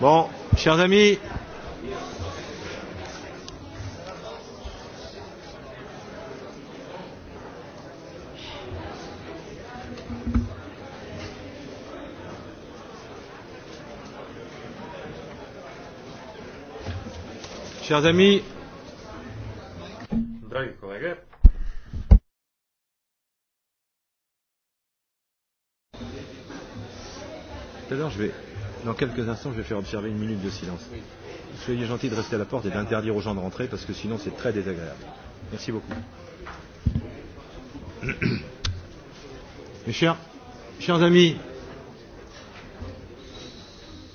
Bon, chers amis, chers amis, dragi kolege, tout à l'heure je vais Dans quelques instants, je vais faire observer une minute de silence. Soyez gentil de rester à la porte et d'interdire aux gens de rentrer parce que sinon c'est très désagréable. Merci beaucoup. Mes chers, chers amis,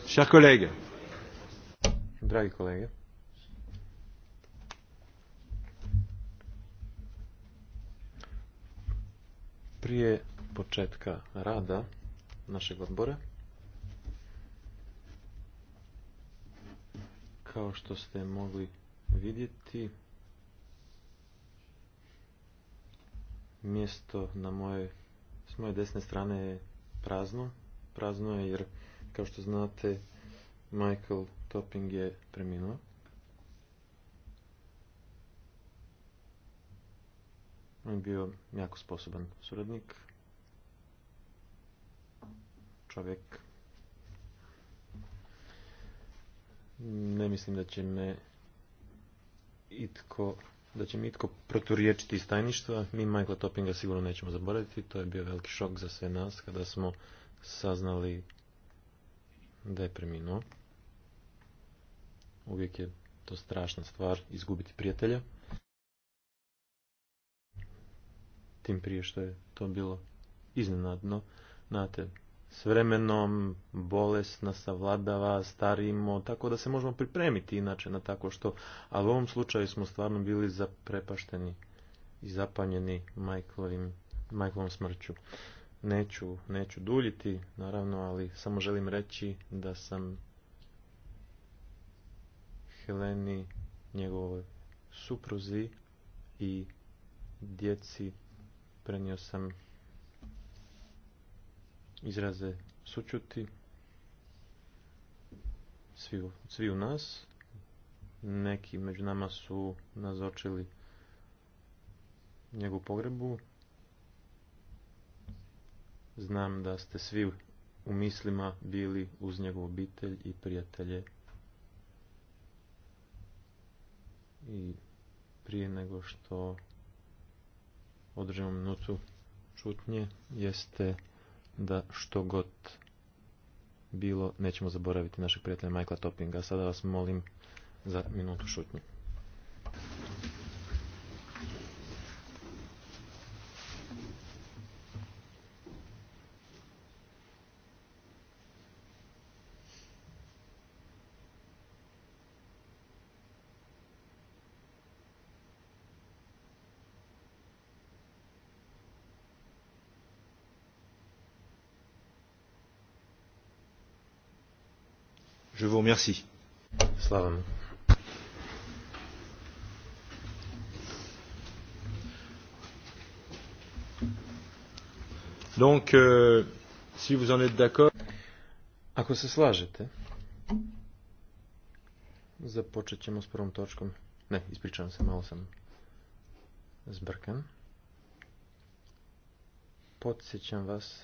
chers collègues, dragi collègues. prije početka rada našeg odbora Kao što ste mogli vidjeti, mjesto na moje, s moje desne strane je prazno. Prazno je jer, kao što znate, Michael Topping je preminuo. On je bio jako sposoban suradnik, čovjek Ne mislim da će me itko da će mi itko proturiječiti iz tajništva. Mi Michael Toppinga sigurno nećemo zaboraviti. To je bio veliki šok za sve nas kada smo saznali da je preminuo. Uvijek je to strašna stvar izgubiti prijatelja. Tim prije što je to bilo iznenadno. Znate, s vremenom bolest nas savladava, starimo, tako da se možemo pripremiti inače na tako što, ali u ovom slučaju smo stvarno bili zaprepašteni i zapanjeni Michaelovim, smrću. Neću, neću duljiti, naravno, ali samo želim reći da sam Heleni, njegovoj supruzi i djeci prenio sam izraze sućuti svi, svi u nas. Neki među nama su nazočili njegovu pogrebu. Znam da ste svi u mislima bili uz njegovu obitelj i prijatelje. I prije nego što održimo minutu čutnje, jeste da što god bilo nećemo zaboraviti našeg prijatelja Michaela Toppinga. Sada vas molim za minutu šutnje. remercie. Slavan. Donc, euh, si vous en êtes d'accord... Ako se slažete, započet ćemo s prvom točkom. Ne, ispričavam se, malo sam zbrkan. Podsjećam vas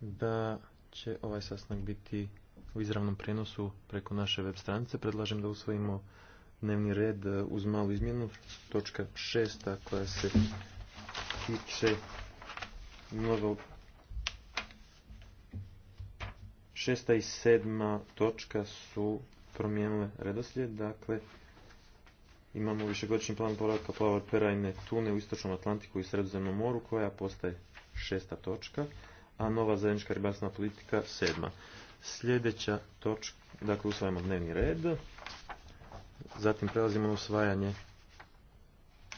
da će ovaj sastanak biti u izravnom prenosu preko naše web stranice. Predlažem da usvojimo dnevni red e, uz malu izmjenu, točka šesta koja se tiče novo šesta i sedma točka su promijenile redoslijed, dakle imamo višegodišnji plan poravka plavar perajne tune u istočnom Atlantiku i sredozemnom moru koja postaje šesta točka, a nova zajednička ribarstvena politika sedma. Sljedeća točka, dakle usvajamo dnevni red. Zatim prelazimo na usvajanje,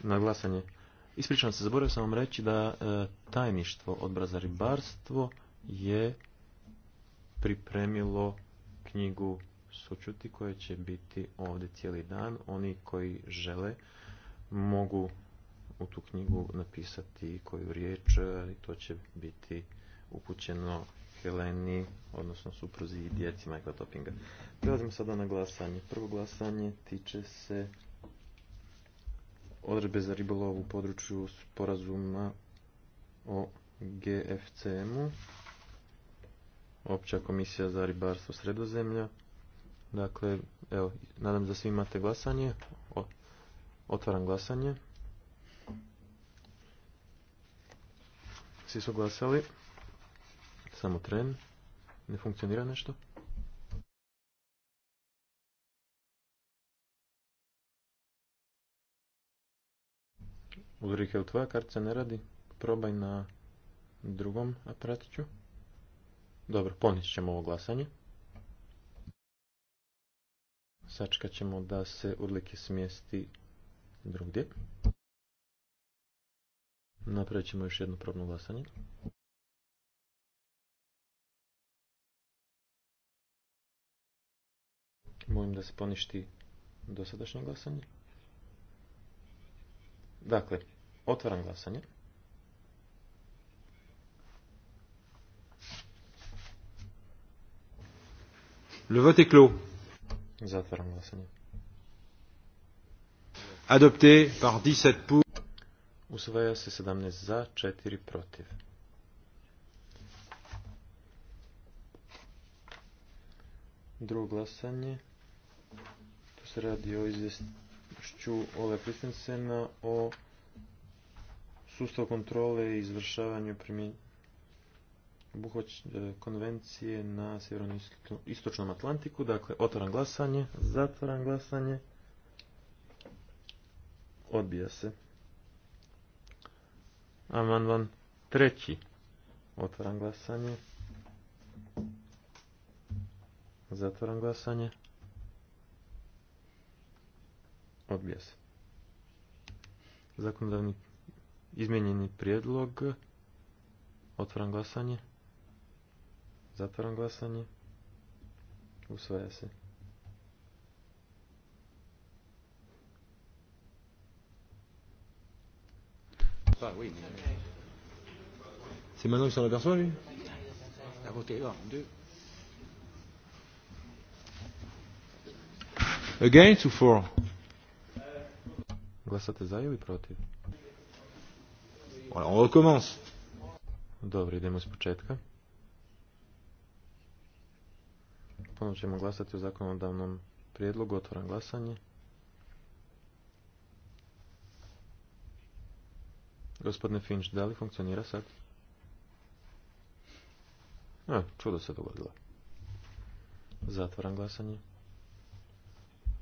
na glasanje. Ispričavam se, zaboravio sam vam reći da e, tajništvo odbora za ribarstvo je pripremilo knjigu Sučuti koja će biti ovdje cijeli dan. Oni koji žele mogu u tu knjigu napisati koju riječ e, i to će biti upućeno Heleni, odnosno supruzi i djeci Michael Toppinga. Prelazimo sada na glasanje. Prvo glasanje tiče se odredbe za ribolov u području sporazuma o GFCM-u, opća komisija za ribarstvo sredozemlja. Dakle, evo, nadam da svi imate glasanje. otvaram glasanje. Svi su glasali. Samo tren. Ne funkcionira nešto? Ulrike, u tvoja kartica ne radi? Probaj na drugom aparatiću. Dobro, ponijet ćemo ovo glasanje. Sačkat ćemo da se odlike smijesti drugdje. Napravit ćemo još jedno probno glasanje. Molim da se poništi dosadašnje glasanje. Dakle, otvaram glasanje. Le vote est clos. Zatvaram glasanje. Adopté par 17 pour. Usvaja se 17 za, 4 protiv. Drugo glasanje se radi o izvješću Ole Christensena o sustavu kontrole i izvršavanju e, konvencije na sjeverno-istočnom Atlantiku. Dakle, otvaram glasanje, zatvaram glasanje, odbija se. Amandman treći, otvaram glasanje, zatvaram glasanje. Odbija se. Zakonodavni izmijenjeni prijedlog. Otvaram glasanje. Zatvaram glasanje. Usvaja se. Pa, C'est maintenant qu'il s'en aperçoit, lui T'as voté un, deux. Against ou four. Glasate za ili protiv? On Dobro, idemo s početka. Ponovno ćemo glasati o zakonodavnom prijedlogu. Otvaram glasanje. Gospodine Finch, da li funkcionira sad? E, čudo se dogodilo. Zatvaram glasanje.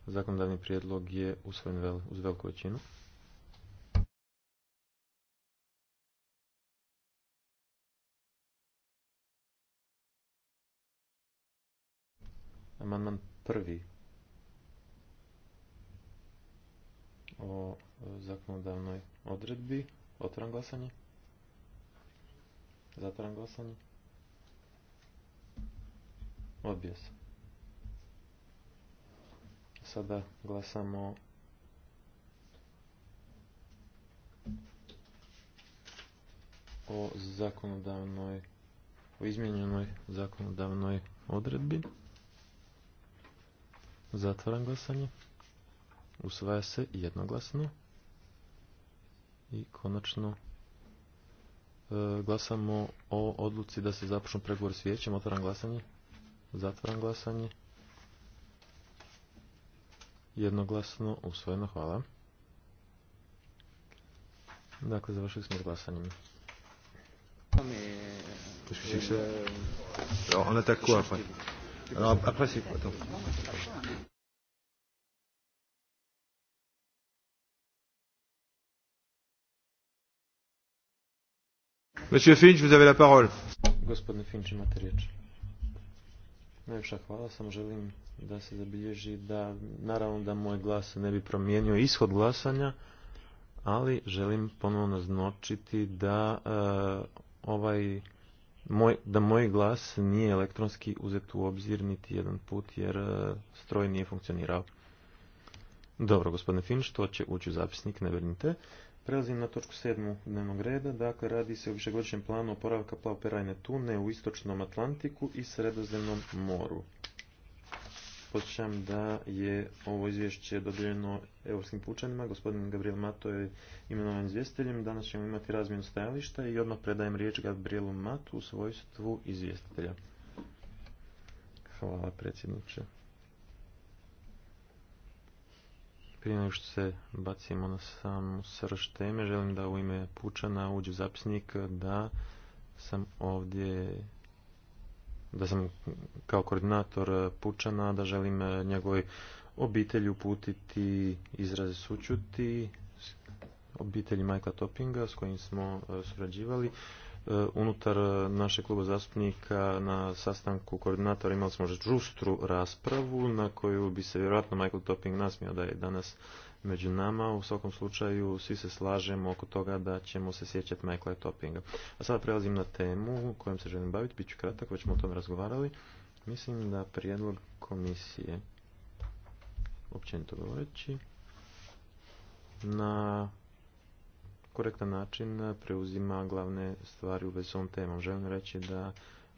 Zakonodavni prijedlog je usvojen vel, uz veliku većinu. Amandman prvi o e, zakonodavnoj odredbi. Otvaram glasanje. Zatvaram glasanje. Odbija Sada glasamo o zakonodavnoj, o izmjenjenoj zakonodavnoj odredbi. Zatvaram glasanje. Usvaja se jednoglasno. I konačno e, glasamo o odluci da se započnu pregovor s vijećem. Otvaram glasanje. Zatvaram glasanje jednoglasno usvojeno, hvala. Dakle, završili smo glasanjem. On attaque quoi après Alors après c'est quoi Monsieur Finch, vous avez la parole. Gospodine Finch, imate riječ. Najljepša hvala, samo želim da se zabilježi da naravno da moj glas ne bi promijenio ishod glasanja, ali želim ponovno naznačiti da eh, ovaj moj, da moj glas nije elektronski uzet u obzir niti jedan put jer eh, stroj nije funkcionirao. Dobro, gospodine Finč, to će ući u zapisnik, ne vrnite. Prelazim na točku sedmu dnevnog reda, dakle radi se o višegodišnjem planu oporavka plavperajne tune u istočnom Atlantiku i sredozemnom moru. Podsjećam da je ovo izvješće dodijeljeno europskim pučanima, gospodin Gabriel Mato je imenovan izvjestiteljem, danas ćemo imati razmjenu stajališta i odmah predajem riječ Gabrielu Matu u svojstvu izvjestitelja. Hvala predsjedniče. Prije nego što se bacimo na sam srž teme, želim da u ime Pučana uđe zapisnik da sam ovdje da sam kao koordinator Pučana, da želim njegovoj obitelji uputiti izraze sućuti obitelji Majka Topinga s kojim smo e, surađivali. E, unutar e, našeg kluba zastupnika na sastanku koordinatora imali smo žustru raspravu na koju bi se vjerojatno Michael Topping nasmio da je danas među nama. U svakom slučaju svi se slažemo oko toga da ćemo se sjećati Michaela Toppinga. A sada prelazim na temu kojom se želim baviti. Biću kratak, već smo o tome razgovarali. Mislim da prijedlog komisije općenito govoreći na korektan način preuzima glavne stvari u vezi s ovom temom. Želim reći da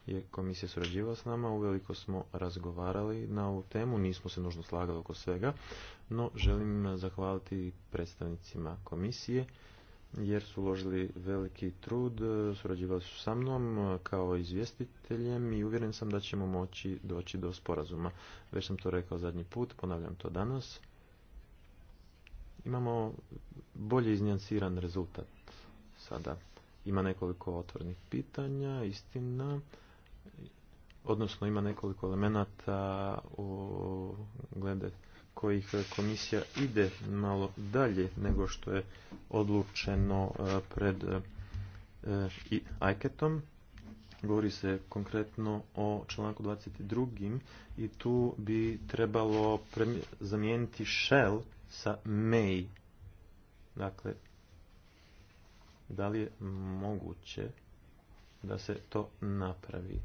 je komisija surađivala s nama, uveliko smo razgovarali na ovu temu, nismo se nužno slagali oko svega, no želim zahvaliti predstavnicima komisije jer su uložili veliki trud, surađivali su sa mnom kao izvjestiteljem i uvjeren sam da ćemo moći doći do sporazuma. Već sam to rekao zadnji put, ponavljam to danas imamo bolje iznijansiran rezultat sada. Ima nekoliko otvornih pitanja, istina, odnosno ima nekoliko elemenata u glede kojih komisija ide malo dalje nego što je odlučeno e, pred e, ICAT-om. Govori se konkretno o članku 22. i tu bi trebalo zamijeniti shell sa May. Dakle, da li je moguće da se to napravi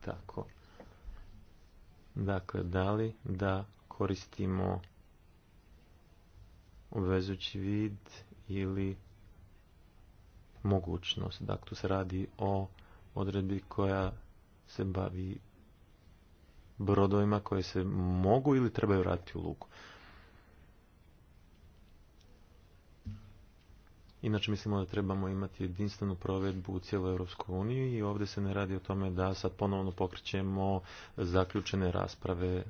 tako? Dakle, da li da koristimo uvezući vid ili mogućnost. Dakle, tu se radi o odredbi koja se bavi brodovima koje se mogu ili trebaju vratiti u luku. Inače mislimo da trebamo imati jedinstvenu provedbu u cijeloj Europskoj uniji i ovdje se ne radi o tome da sad ponovno pokrećemo zaključene rasprave,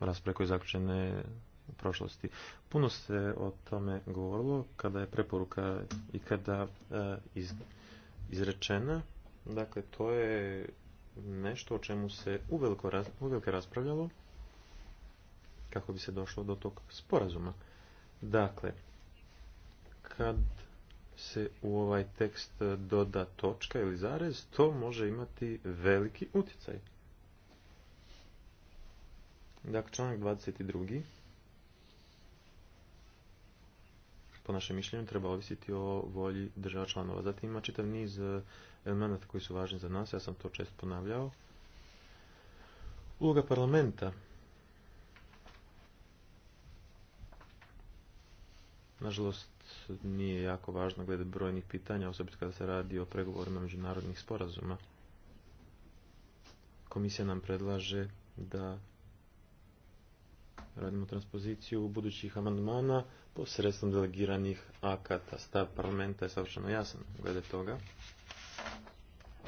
rasprave koje zaključene u prošlosti. Puno se o tome govorilo kada je preporuka i kada e, iz, izrečena. Dakle, to je nešto o čemu se uveliko, uveliko raspravljalo kako bi se došlo do tog sporazuma. Dakle, kad se u ovaj tekst doda točka ili zarez, to može imati veliki utjecaj. Dakle, članak 22. po našem mišljenju treba ovisiti o volji država članova. Zatim ima čitav niz e, elemenata koji su važni za nas, ja sam to često ponavljao. Uloga parlamenta. Nažalost, nije jako važno glede brojnih pitanja, osobito kada se radi o pregovorima međunarodnih sporazuma. Komisija nam predlaže da radimo transpoziciju budućih amandmana posredstvom delegiranih akata. Stav parlamenta je savršeno jasan glede toga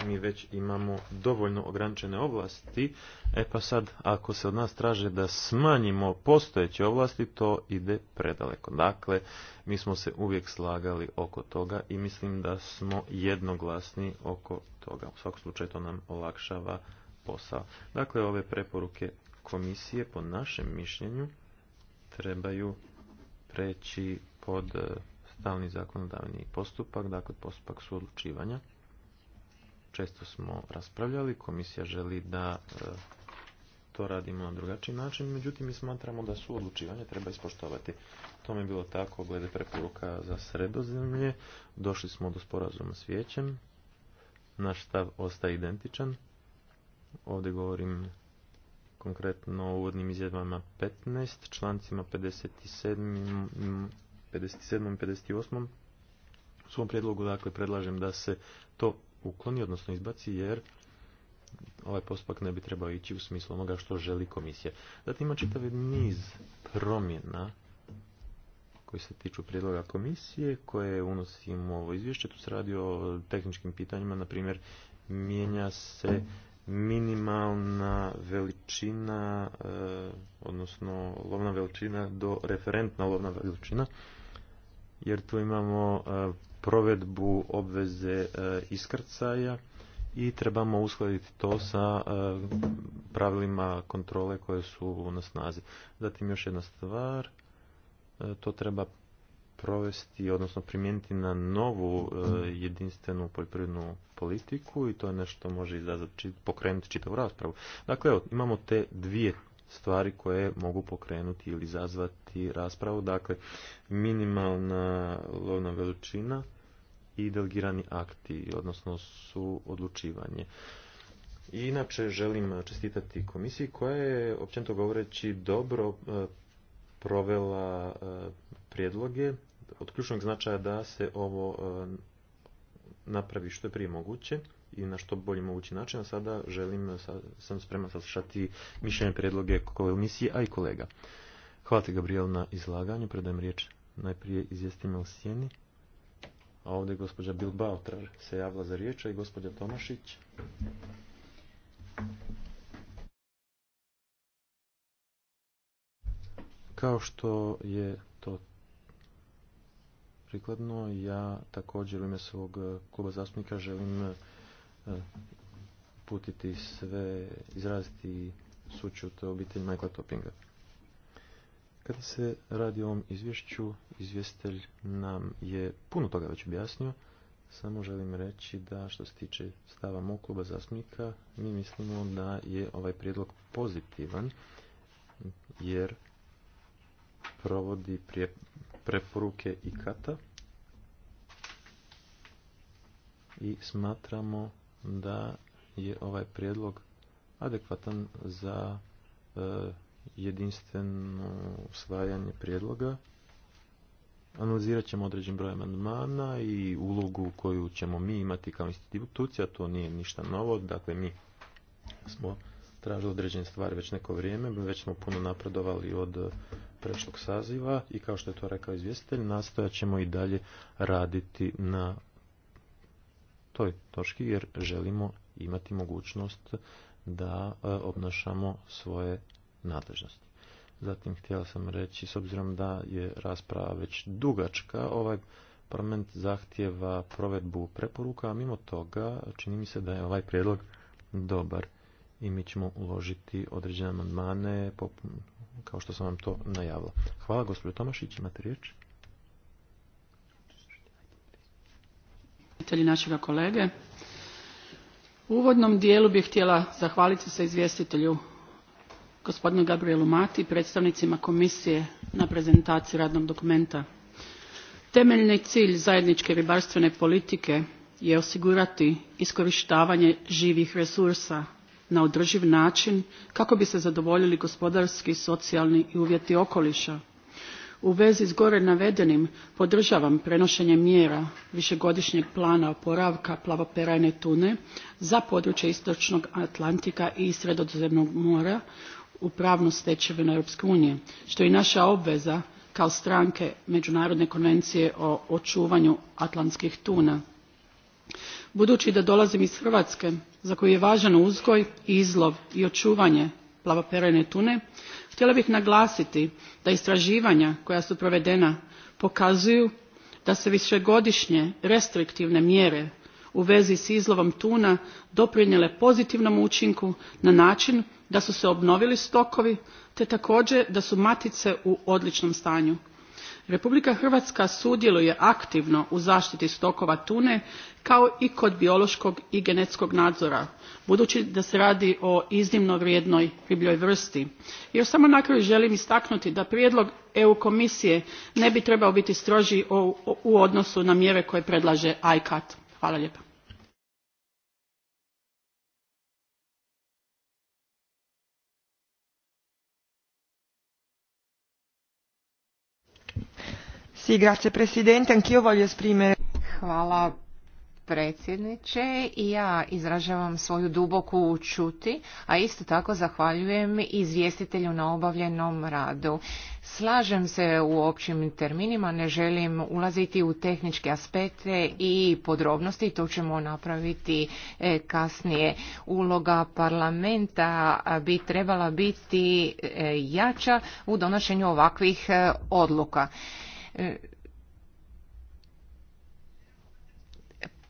mi već imamo dovoljno ograničene ovlasti, e pa sad ako se od nas traže da smanjimo postojeće ovlasti, to ide predaleko. Dakle, mi smo se uvijek slagali oko toga i mislim da smo jednoglasni oko toga. U svakom slučaju to nam olakšava posao. Dakle, ove preporuke komisije po našem mišljenju trebaju preći pod eh, stalni zakonodavni postupak, dakle postupak suodlučivanja često smo raspravljali, komisija želi da e, to radimo na drugačiji način, međutim mi smatramo da su odlučivanje treba ispoštovati. To mi je bilo tako glede preporuka za sredozemlje, došli smo do sporazuma s vijećem, naš stav ostaje identičan, ovdje govorim konkretno o uvodnim izjavama 15, člancima 57. 57. i 58. U svom prijedlogu dakle predlažem da se to ukloni, odnosno izbaci, jer ovaj postupak ne bi trebao ići u smislu onoga što želi komisija. Zatim ima čitav niz promjena koji se tiču prijedloga komisije koje unosimo u ovo izvješće. Tu se radi o tehničkim pitanjima, na primjer mijenja se minimalna veličina, e, odnosno lovna veličina do referentna lovna veličina, jer tu imamo e, provedbu obveze e, iskrcaja i trebamo uskladiti to sa e, pravilima kontrole koje su na snazi. Zatim još jedna stvar, e, to treba provesti, odnosno primijeniti na novu jedinstvenu poljoprivrednu politiku i to je nešto može izazvati, pokrenuti čitavu raspravu. Dakle, imamo te dvije stvari koje mogu pokrenuti ili izazvati raspravu. Dakle, minimalna lovna veličina i delegirani akti, odnosno su odlučivanje. I inače želim čestitati komisiji koja je, općenito govoreći, dobro e, provela e, prijedloge. Od ključnog značaja da se ovo e, napravi što je prije moguće i na što bolji mogući način, a sada želim, sam spreman saslušati mišljenje prijedloge komisije, a i kolega. Hvala ti, Gabriel, na izlaganju. Predajem riječ najprije izvjestima u sjeni. A ovdje gospođa Bilbao se javila za riječ, a i gospođa Tomašić. Kao što je to prikladno, ja također u ime svog kluba zastupnika želim putiti sve, izraziti sučut obitelj Michaela Toppinga. Kada se radi o ovom izvješću, izvjestelj nam je puno toga već objasnio, samo želim reći da što se tiče stava mog kluba zastupnika, mi mislimo da je ovaj prijedlog pozitivan, jer provodi prije preporuke kata i smatramo da je ovaj prijedlog adekvatan za e, jedinstveno usvajanje prijedloga. Analizirat ćemo određen broj amandmana i ulogu koju ćemo mi imati kao institucija, to nije ništa novo, dakle mi smo tražili određene stvari već neko vrijeme, već smo puno napredovali od prešlog saziva i kao što je to rekao izvjestitelj, nastojat ćemo i dalje raditi na toj točki jer želimo imati mogućnost da e, obnašamo svoje nadležnosti. Zatim htjela sam reći, s obzirom da je rasprava već dugačka, ovaj parlament zahtjeva provedbu preporuka, a mimo toga čini mi se da je ovaj prijedlog dobar i mi ćemo uložiti određene amandmane kao što sam vam to najavila. Hvala gospođo Tomašić, imate riječ. našega kolege. U uvodnom dijelu bih htjela zahvaliti se izvjestitelju gospodinu Gabrielu Mati i predstavnicima komisije na prezentaciji radnog dokumenta. Temeljni cilj zajedničke ribarstvene politike je osigurati iskorištavanje živih resursa na održiv način kako bi se zadovoljili gospodarski, socijalni i uvjeti okoliša u vezi s gore navedenim podržavam prenošenje mjera višegodišnjeg plana oporavka plavoperajne tune za područje istočnog atlantika i sredozemnog mora u pravnu stečevinu europske unije što je i naša obveza kao stranke međunarodne konvencije o očuvanju atlantskih tuna. budući da dolazim iz hrvatske za koju je važan uzgoj izlov i očuvanje plavoperajne tune htjela bih naglasiti da istraživanja koja su provedena pokazuju da se višegodišnje restriktivne mjere u vezi s izlovom tuna doprinijele pozitivnom učinku na način da su se obnovili stokovi te također da su matice u odličnom stanju republika hrvatska sudjeluje aktivno u zaštiti stokova tune kao i kod biološkog i genetskog nadzora budući da se radi o iznimno vrijednoj ribljoj vrsti. još samo na kraju želim istaknuti da prijedlog eu komisije ne bi trebao biti stroži u odnosu na mjere koje predlaže ICAT. hvala lijepa. Sì, Presidente, anch'io voglio esprimere... Hvala predsjedniče i ja izražavam svoju duboku čuti, a isto tako zahvaljujem izvjestitelju na obavljenom radu. Slažem se u općim terminima, ne želim ulaziti u tehničke aspekte i podrobnosti, to ćemo napraviti e, kasnije. Uloga parlamenta bi trebala biti e, jača u donošenju ovakvih e, odluka. E,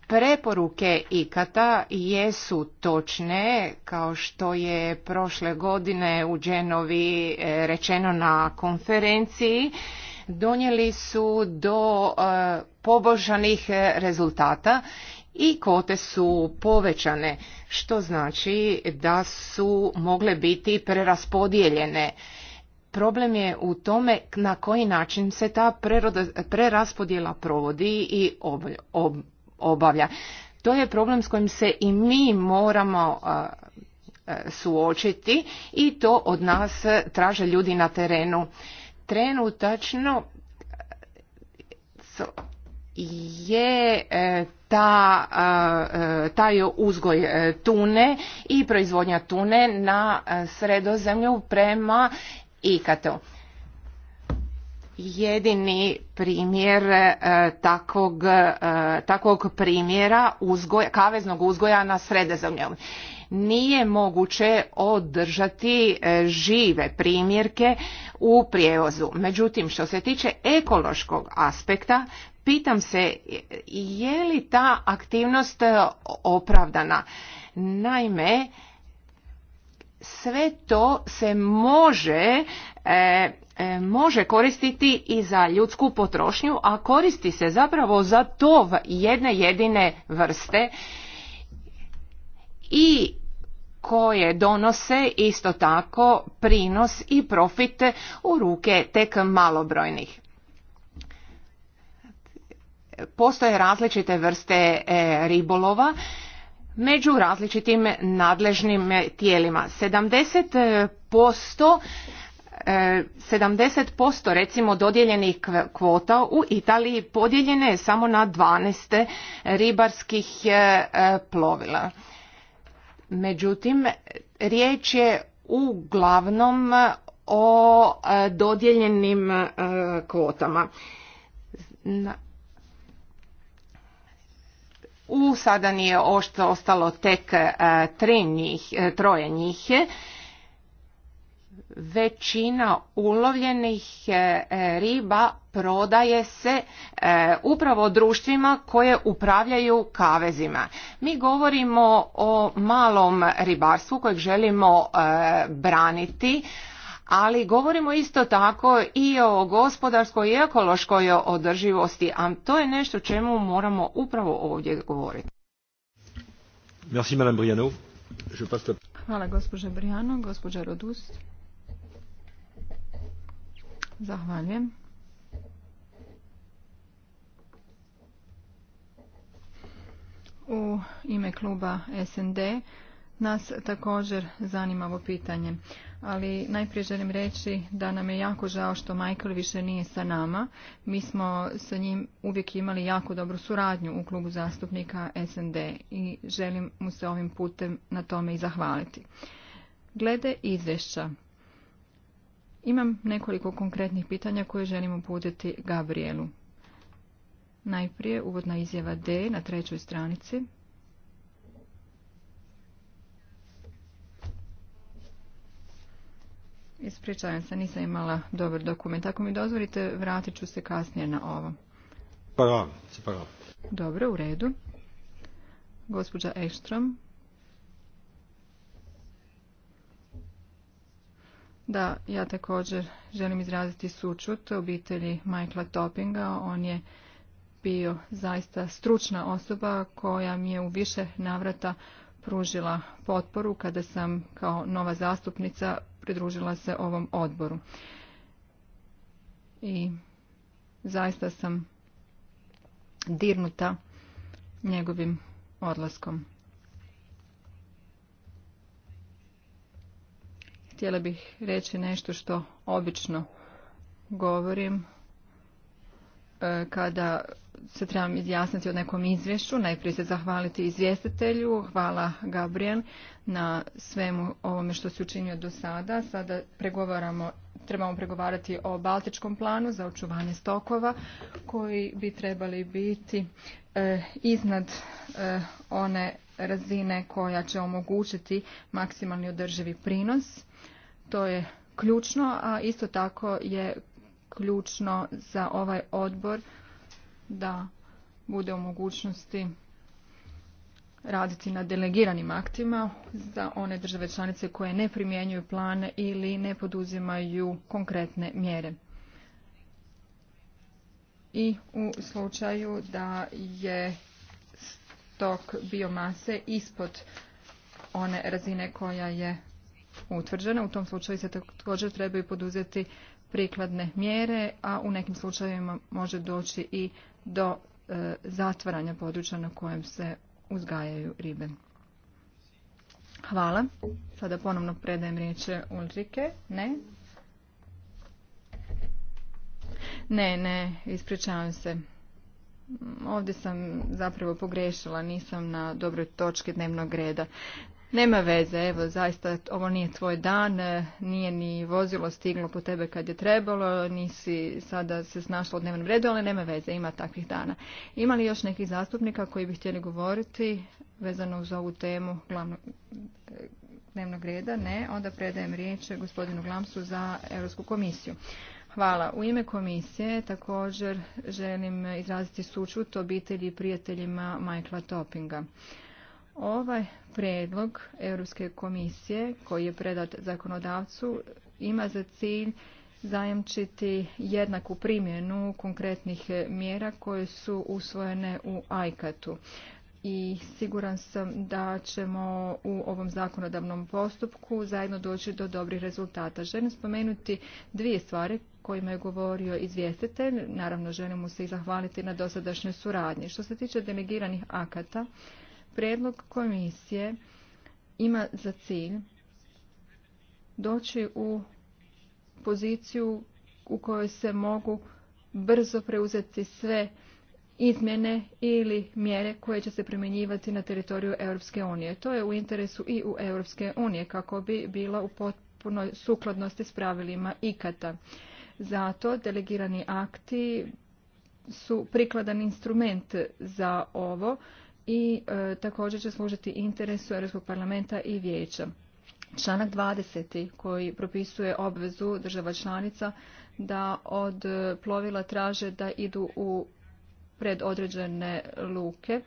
preporuke ikata jesu točne, kao što je prošle godine u Dženovi e, rečeno na konferenciji, donijeli su do e, pobožanih rezultata i kote su povećane, što znači da su mogle biti preraspodijeljene problem je u tome na koji način se ta preraspodjela provodi i obavlja. To je problem s kojim se i mi moramo uh, uh, suočiti i to od nas traže ljudi na terenu. Trenutačno uh, je ta, taj uzgoj tune i proizvodnja tune na sredozemlju prema ikatu. Jedini primjer e, e, takvog, primjera uzgoja, kaveznog uzgoja na sredozemlju nije moguće održati e, žive primjerke u prijevozu. Međutim, što se tiče ekološkog aspekta, pitam se je li ta aktivnost opravdana. Naime, sve to se može e, e, može koristiti i za ljudsku potrošnju, a koristi se zapravo za to jedne jedine vrste i koje donose isto tako prinos i profit u ruke tek malobrojnih. Postoje različite vrste e, ribolova među različitim nadležnim tijelima. 70% 70% e, recimo dodijeljenih kvota u Italiji podijeljene je samo na 12 ribarskih e, e, plovila. Međutim, riječ je uglavnom o dodijeljenim kvotama u sada nije ošto ostalo tek e, njih, e, troje njih Većina ulovljenih e, riba prodaje se upravo društvima koje upravljaju kavezima. Mi govorimo o malom ribarstvu kojeg želimo braniti ali govorimo isto tako i o gospodarskoj i ekološkoj održivosti, a to je nešto čemu moramo upravo ovdje govoriti. Merci, Madame Briano. Je passe... Hvala, gospođa Briano. Gospođa Rodus. Zahvaljujem. U ime kluba SND nas također zanima ovo pitanje ali najprije želim reći da nam je jako žao što Michael više nije sa nama. Mi smo sa njim uvijek imali jako dobru suradnju u klubu zastupnika SND i želim mu se ovim putem na tome i zahvaliti. Glede izvješća. Imam nekoliko konkretnih pitanja koje želim uputiti Gabrielu. Najprije uvodna izjava D na trećoj stranici. Ispričavam se, nisam imala dobar dokument. Ako mi dozvolite, vratit ću se kasnije na ovo. Pa, Dobro, u redu. Gospođa Eštrom. Da, ja također želim izraziti sučut obitelji Michaela Toppinga. On je bio zaista stručna osoba koja mi je u više navrata pružila potporu kada sam kao nova zastupnica pridružila se ovom odboru. I zaista sam dirnuta njegovim odlaskom. Htjela bih reći nešto što obično govorim e, kada se trebam izjasniti o nekom izvješću. Najprije se zahvaliti izvjestitelju. Hvala Gabriel na svemu ovome što se učinio do sada. Sada pregovaramo, trebamo pregovarati o Baltičkom planu za očuvanje stokova koji bi trebali biti e, iznad e, one razine koja će omogućiti maksimalni održivi prinos. To je ključno, a isto tako je ključno za ovaj odbor da bude u mogućnosti raditi na delegiranim aktima za one države članice koje ne primjenjuju plan ili ne poduzimaju konkretne mjere. I u slučaju da je stok biomase ispod one razine koja je utvrđena, u tom slučaju se također trebaju poduzeti prikladne mjere, a u nekim slučajevima može doći i do e, zatvaranja područja na kojem se uzgajaju ribe. Hvala. Sada ponovno predajem riječe Ulrike. Ne? Ne, ne, ispričavam se. Ovdje sam zapravo pogrešila, nisam na dobroj točki dnevnog reda. Nema veze, evo zaista ovo nije tvoj dan, e, nije ni vozilo stiglo po tebe kad je trebalo, nisi sada se snašla u dnevnom redu, ali nema veze, ima takvih dana. Ima li još nekih zastupnika koji bi htjeli govoriti vezano uz ovu temu glavnog e, dnevnog reda? Ne, onda predajem riječ gospodinu Glamsu za Europsku komisiju. Hvala. U ime komisije također želim izraziti sučut obitelji i prijateljima Michaela Topinga. Ovaj predlog Europske komisije koji je predat zakonodavcu ima za cilj zajamčiti jednaku primjenu konkretnih mjera koje su usvojene u ICAT-u. I siguran sam da ćemo u ovom zakonodavnom postupku zajedno doći do dobrih rezultata. Želim spomenuti dvije stvari kojima je govorio izvjestitelj. Naravno, želim mu se i zahvaliti na dosadašnjoj suradnji. Što se tiče delegiranih akata, Prijedlog komisije ima za cilj doći u poziciju u kojoj se mogu brzo preuzeti sve izmjene ili mjere koje će se primjenjivati na teritoriju Europske unije. To je u interesu i u Europske unije kako bi bila u potpunoj sukladnosti s pravilima ikata. Zato delegirani akti su prikladan instrument za ovo i e, također će služiti interesu Europskog parlamenta i vijeća. Članak 20. koji propisuje obvezu država članica da od plovila traže da idu u predodređene luke.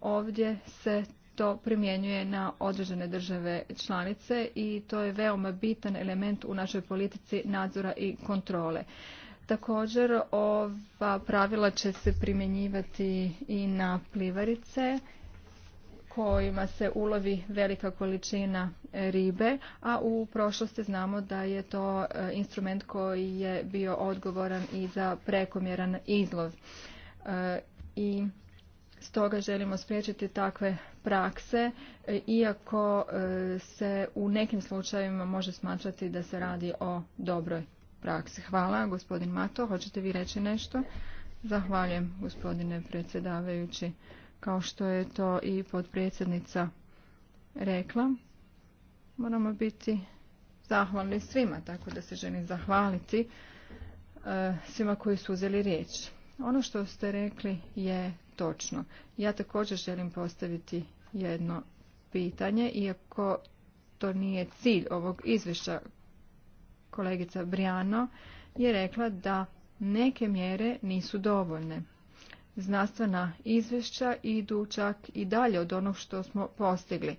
Ovdje se to primjenjuje na određene države članice i to je veoma bitan element u našoj politici nadzora i kontrole. Također ova pravila će se primjenjivati i na plivarice kojima se ulovi velika količina ribe, a u prošlosti znamo da je to e, instrument koji je bio odgovoran i za prekomjeran izlov. E, I stoga želimo spriječiti takve prakse, e, iako se u nekim slučajevima može smatrati da se radi o dobroj praksi. Hvala. Gospodin Mato, hoćete vi reći nešto? Zahvaljujem, gospodine predsjedavajući. Kao što je to i podpredsjednica rekla, moramo biti zahvalni svima, tako da se želim zahvaliti e, svima koji su uzeli riječ. Ono što ste rekli je točno. Ja također želim postaviti jedno pitanje, iako to nije cilj ovog izvješća kolegica Brijano je rekla da neke mjere nisu dovoljne. Znanstvena izvješća idu čak i dalje od onog što smo postigli.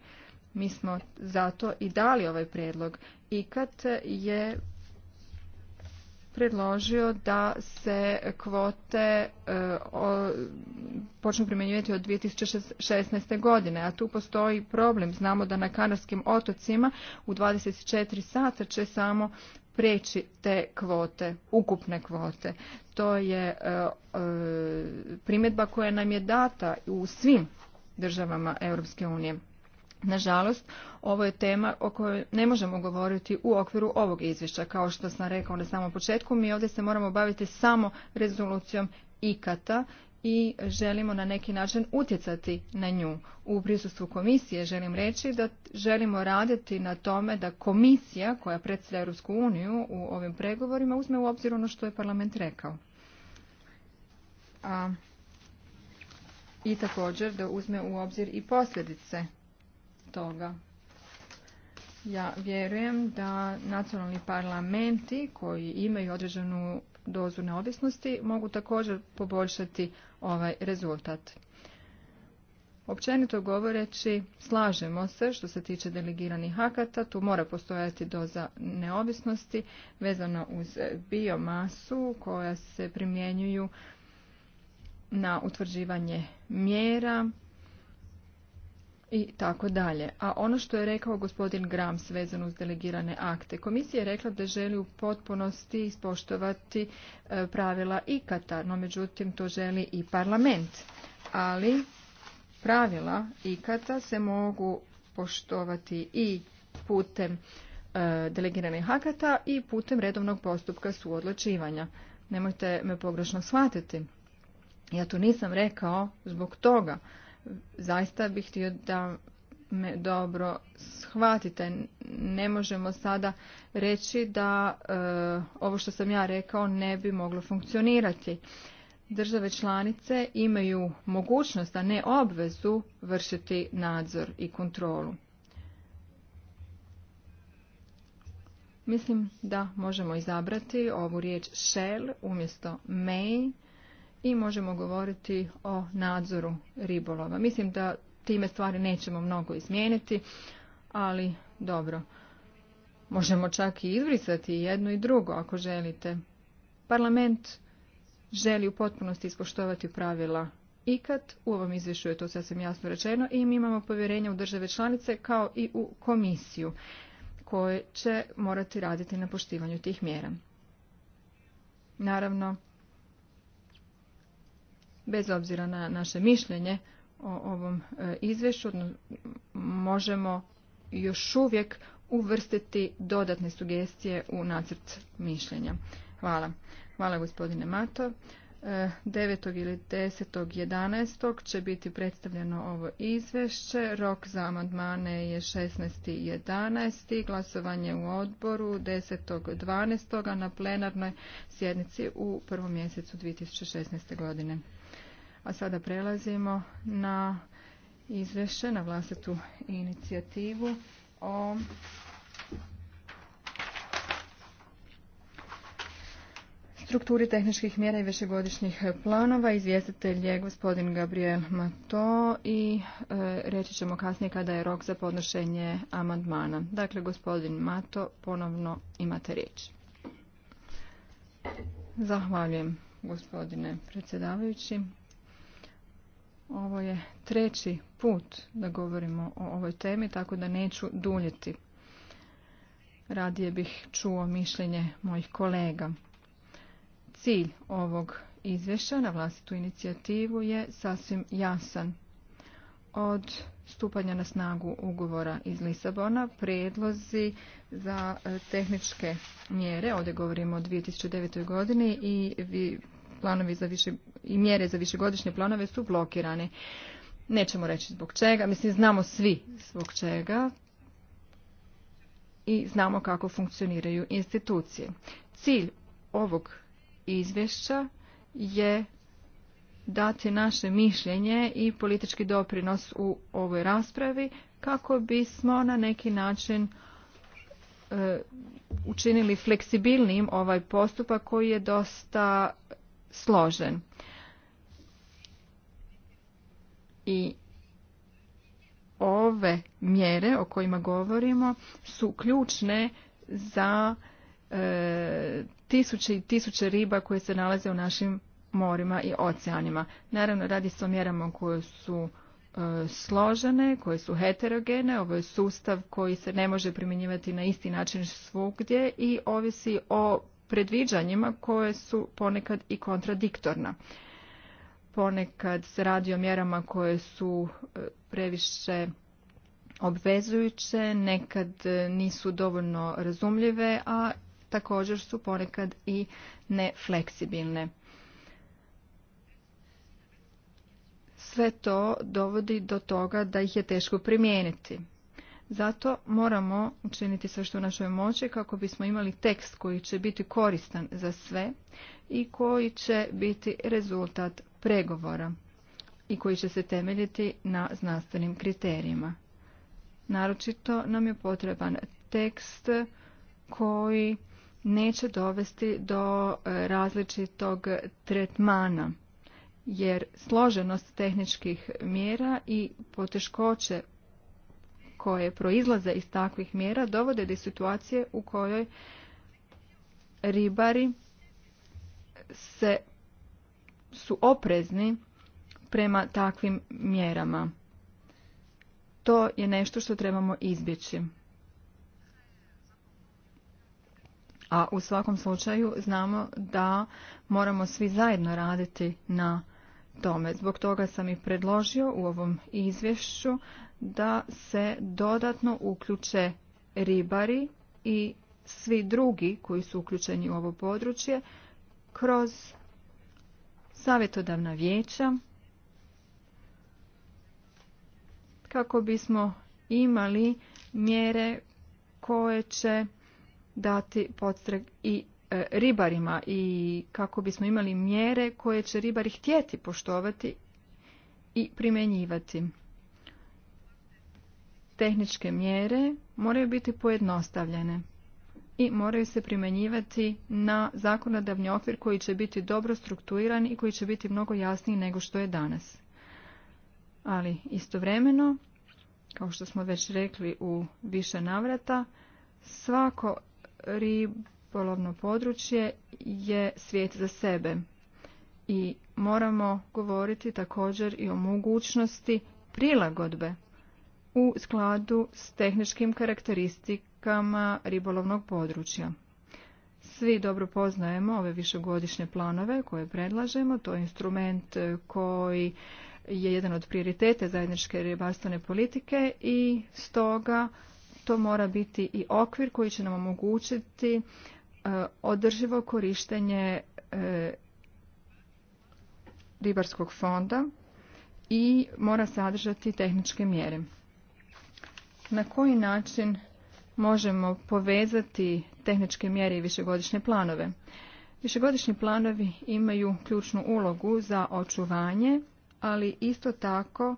Mi smo zato i dali ovaj prijedlog. kad je predložio da se kvote e, o, počnu primjenjivati od 2016. godine, a tu postoji problem. Znamo da na Kanarskim otocima u 24 sata će samo preći te kvote, ukupne kvote. To je e, e, primjedba koja nam je data u svim državama Europske unije. Nažalost, ovo je tema o kojoj ne možemo govoriti u okviru ovog izvješća. Kao što sam rekao na samom početku, mi ovdje se moramo baviti samo rezolucijom ikata i želimo na neki način utjecati na nju. U prisustvu komisije želim reći da želimo raditi na tome da komisija koja predstavlja Europsku uniju u ovim pregovorima uzme u obzir ono što je parlament rekao. A, I također da uzme u obzir i posljedice toga. Ja vjerujem da nacionalni parlamenti koji imaju određenu dozu neovisnosti mogu također poboljšati ovaj rezultat. Općenito govoreći, slažemo se što se tiče delegiranih akata, tu mora postojati doza neovisnosti vezana uz biomasu koja se primjenjuju na utvrđivanje mjera, i tako dalje. A ono što je rekao gospodin Gram vezano uz delegirane akte, komisija je rekla da želi u potpunosti ispoštovati e, pravila ikata, no međutim to želi i parlament. Ali pravila ikata se mogu poštovati i putem e, delegiranih akata i putem redovnog postupka suodločivanja. Nemojte me pogrešno shvatiti. Ja to nisam rekao zbog toga zaista bih htio da me dobro shvatite. Ne možemo sada reći da e, ovo što sam ja rekao ne bi moglo funkcionirati. Države članice imaju mogućnost, a ne obvezu, vršiti nadzor i kontrolu. Mislim da možemo izabrati ovu riječ shell umjesto may i možemo govoriti o nadzoru ribolova. Mislim da time stvari nećemo mnogo izmijeniti, ali dobro. Možemo čak i izbrisati jedno i drugo ako želite. Parlament želi u potpunosti ispoštovati pravila ikad, u ovom izvješću je to sasvim jasno rečeno, i mi imamo povjerenje u države članice kao i u komisiju koje će morati raditi na poštivanju tih mjera. Naravno, bez obzira na naše mišljenje o ovom e, izvješću, možemo još uvijek uvrstiti dodatne sugestije u nacrt mišljenja. Hvala. Hvala gospodine Mato. 9. E, ili 10. 11. će biti predstavljeno ovo izvješće. Rok za amandmane je 11. Glasovanje u odboru 12. na plenarnoj sjednici u prvom mjesecu 2016. godine. A sada prelazimo na izvješće na vlastitu inicijativu o strukturi tehničkih mjera i višegodišnjih planova. Izvjestitelj je gospodin Gabriel Mato i e, reći ćemo kasnije kada je rok za podnošenje amandmana. Dakle, gospodin Mato, ponovno imate riječ. Zahvaljujem, gospodine predsjedavajući. Ovo je treći put da govorimo o ovoj temi, tako da neću duljiti. Radije bih čuo mišljenje mojih kolega. Cilj ovog izvješća na vlastitu inicijativu je sasvim jasan. Od stupanja na snagu ugovora iz Lisabona predlozi za e, tehničke mjere, ovdje govorimo o 2009. godini i vi planovi za i mjere za višegodišnje planove su blokirane. Nećemo reći zbog čega, mislim znamo svi zbog čega i znamo kako funkcioniraju institucije. Cilj ovog izvješća je dati naše mišljenje i politički doprinos u ovoj raspravi kako bismo na neki način e, učinili fleksibilnim ovaj postupak koji je dosta složen. I ove mjere o kojima govorimo su ključne za e, tisuće i tisuće riba koje se nalaze u našim morima i oceanima. Naravno, radi se o mjerama koje su e, složene, koje su heterogene. Ovo je sustav koji se ne može primjenjivati na isti način svugdje i ovisi o predviđanjima koje su ponekad i kontradiktorna. Ponekad se radi o mjerama koje su e, previše obvezujuće, nekad e, nisu dovoljno razumljive, a također su ponekad i nefleksibilne. Sve to dovodi do toga da ih je teško primijeniti. Zato moramo učiniti sve što u našoj moći kako bismo imali tekst koji će biti koristan za sve i koji će biti rezultat pregovora i koji će se temeljiti na znanstvenim kriterijima. Naročito nam je potreban tekst koji neće dovesti do e, različitog tretmana jer složenost tehničkih mjera i poteškoće koje proizlaze iz takvih mjera dovode do situacije u kojoj ribari se su oprezni prema takvim mjerama. To je nešto što trebamo izbjeći. A u svakom slučaju znamo da moramo svi zajedno raditi na tome. Zbog toga sam i predložio u ovom izvješću da se dodatno uključe ribari i svi drugi koji su uključeni u ovo područje kroz savjetodavna vijeća kako bismo imali mjere koje će dati podstreg i E, ribarima i kako bismo imali mjere koje će ribari htjeti poštovati i primjenjivati. Tehničke mjere moraju biti pojednostavljene i moraju se primjenjivati na zakonodavni okvir koji će biti dobro strukturiran i koji će biti mnogo jasniji nego što je danas. Ali istovremeno, kao što smo već rekli u više navrata, svako ribolovno područje je svijet za sebe i moramo govoriti također i o mogućnosti prilagodbe u skladu s tehničkim karakteristikama ribolovnog područja. Svi dobro poznajemo ove višegodišnje planove koje predlažemo, to je instrument koji je jedan od prioriteta zajedničke ribarstvene politike i stoga to mora biti i okvir koji će nam omogućiti E, održivo korištenje e, ribarskog fonda i mora sadržati tehničke mjere. Na koji način možemo povezati tehničke mjere i višegodišnje planove? Višegodišnji planovi imaju ključnu ulogu za očuvanje, ali isto tako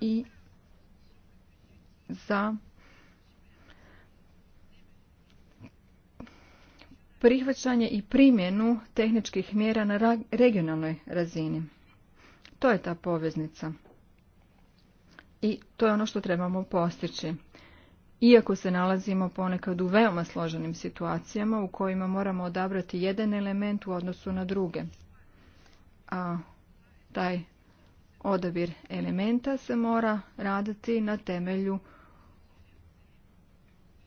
i za prihvaćanje i primjenu tehničkih mjera na regionalnoj razini. To je ta poveznica. I to je ono što trebamo postići. Iako se nalazimo ponekad u veoma složenim situacijama u kojima moramo odabrati jedan element u odnosu na druge. A taj odabir elementa se mora raditi na temelju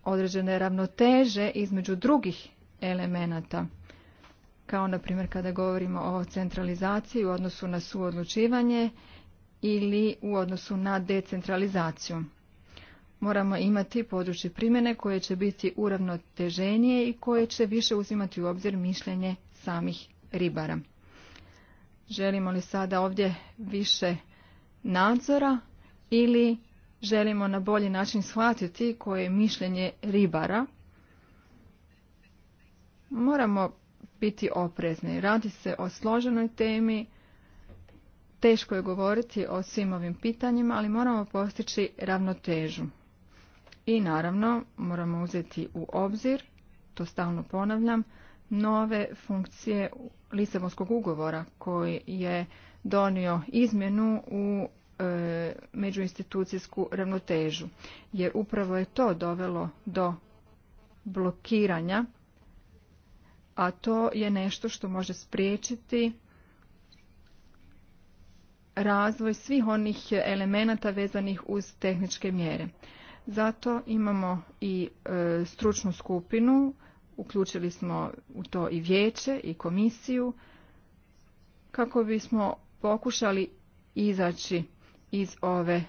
određene ravnoteže između drugih elemenata kao na primjer kada govorimo o centralizaciji u odnosu na suodlučivanje ili u odnosu na decentralizaciju. Moramo imati područje primjene koje će biti uravnoteženije i koje će više uzimati u obzir mišljenje samih ribara. Želimo li sada ovdje više nadzora ili želimo na bolji način shvatiti koje je mišljenje ribara Moramo biti oprezni. Radi se o složenoj temi, teško je govoriti o svim ovim pitanjima, ali moramo postići ravnotežu. I naravno, moramo uzeti u obzir, to stalno ponavljam, nove funkcije Lisabonskog ugovora koji je donio izmjenu u e, međuinstitucijsku ravnotežu. Jer upravo je to dovelo do blokiranja a to je nešto što može spriječiti razvoj svih onih elemenata vezanih uz tehničke mjere. Zato imamo i e, stručnu skupinu, uključili smo u to i vijeće i komisiju kako bismo pokušali izaći iz ove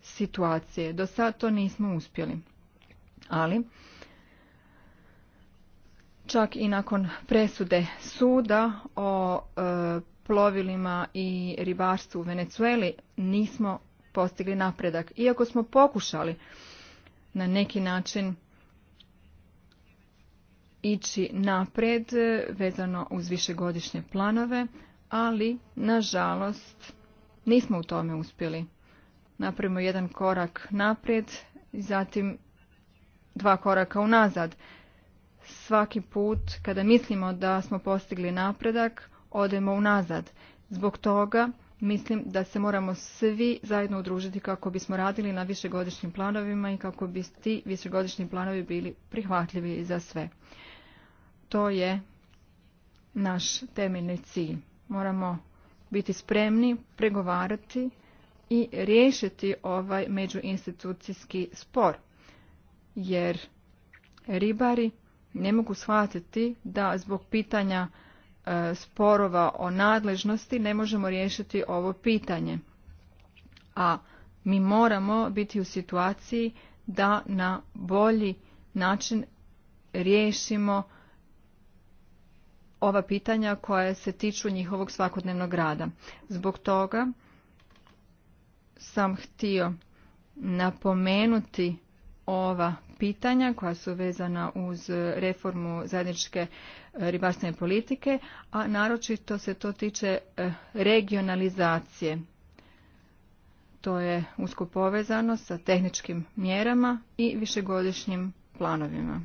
situacije. Do sad to nismo uspjeli. Ali čak i nakon presude suda o e, plovilima i ribarstvu u Venecueli nismo postigli napredak. Iako smo pokušali na neki način ići napred vezano uz višegodišnje planove, ali nažalost nismo u tome uspjeli. Napravimo jedan korak naprijed, zatim dva koraka unazad svaki put kada mislimo da smo postigli napredak, odemo unazad. Zbog toga mislim da se moramo svi zajedno udružiti kako bismo radili na višegodišnjim planovima i kako bi ti višegodišnji planovi bili prihvatljivi za sve. To je naš temeljni cilj. Moramo biti spremni pregovarati i riješiti ovaj međuinstitucijski spor. Jer ribari ne mogu shvatiti da zbog pitanja e, sporova o nadležnosti ne možemo riješiti ovo pitanje. A mi moramo biti u situaciji da na bolji način riješimo ova pitanja koja se tiču njihovog svakodnevnog rada. Zbog toga sam htio napomenuti ova pitanja koja su vezana uz reformu zajedničke e, ribarstvene politike, a naročito se to tiče e, regionalizacije. To je usko povezano sa tehničkim mjerama i višegodišnjim planovima.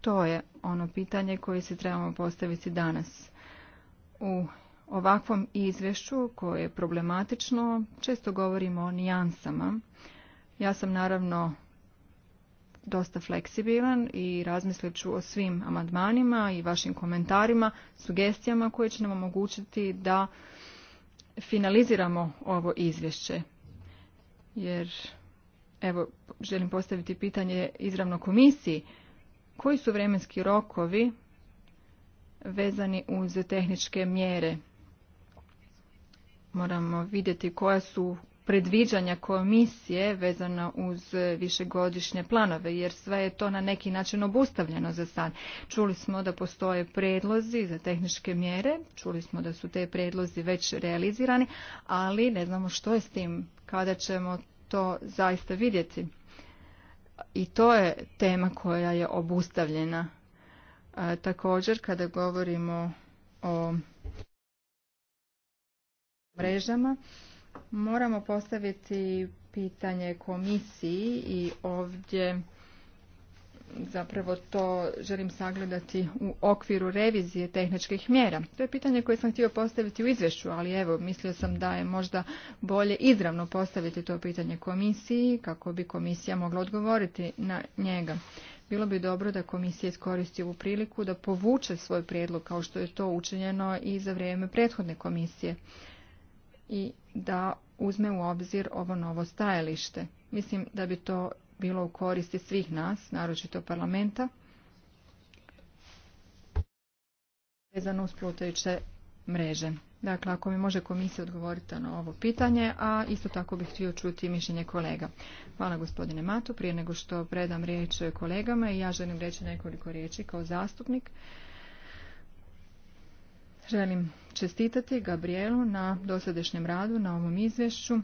To je ono pitanje koje se trebamo postaviti danas. U ovakvom izvješću koje je problematično, često govorimo o nijansama. Ja sam naravno dosta fleksibilan i razmislit ću o svim amandmanima i vašim komentarima, sugestijama koje će nam omogućiti da finaliziramo ovo izvješće. Jer, evo, želim postaviti pitanje izravno komisiji. Koji su vremenski rokovi vezani uz tehničke mjere? Moramo vidjeti koja su predviđanja komisije vezano uz višegodišnje planove, jer sve je to na neki način obustavljeno za sad. Čuli smo da postoje predlozi za tehničke mjere, čuli smo da su te predlozi već realizirani, ali ne znamo što je s tim, kada ćemo to zaista vidjeti. I to je tema koja je obustavljena. E, također, kada govorimo o mrežama, moramo postaviti pitanje komisiji i ovdje zapravo to želim sagledati u okviru revizije tehničkih mjera. To je pitanje koje sam htio postaviti u izvješću, ali evo, mislio sam da je možda bolje izravno postaviti to pitanje komisiji kako bi komisija mogla odgovoriti na njega. Bilo bi dobro da komisija iskoristi ovu priliku da povuče svoj prijedlog kao što je to učinjeno i za vrijeme prethodne komisije i da uzme u obzir ovo novo stajalište. Mislim da bi to bilo u koristi svih nas, naročito parlamenta, vezano uz plutajuće mreže. Dakle, ako mi može komisija odgovoriti na ovo pitanje, a isto tako bih htio čuti mišljenje kolega. Hvala gospodine Matu. Prije nego što predam riječ kolegama i ja želim reći nekoliko riječi kao zastupnik. Želim čestitati Gabrielu na dosadašnjem radu, na ovom izvješću.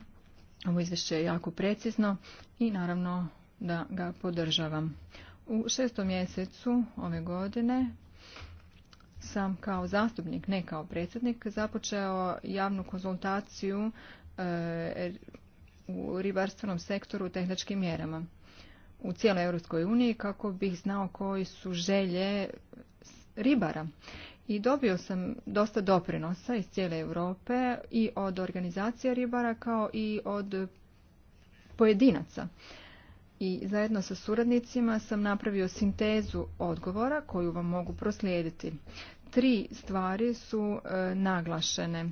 Ovo izvješće je jako precizno i naravno da ga podržavam. U šestom mjesecu ove godine sam kao zastupnik, ne kao predsjednik, započeo javnu konzultaciju e, u ribarstvenom sektoru tehničkim mjerama u cijeloj Europskoj uniji kako bih znao koji su želje ribara i dobio sam dosta doprinosa iz cijele Europe i od organizacija ribara kao i od pojedinaca. I zajedno sa suradnicima sam napravio sintezu odgovora koju vam mogu proslijediti. Tri stvari su e, naglašene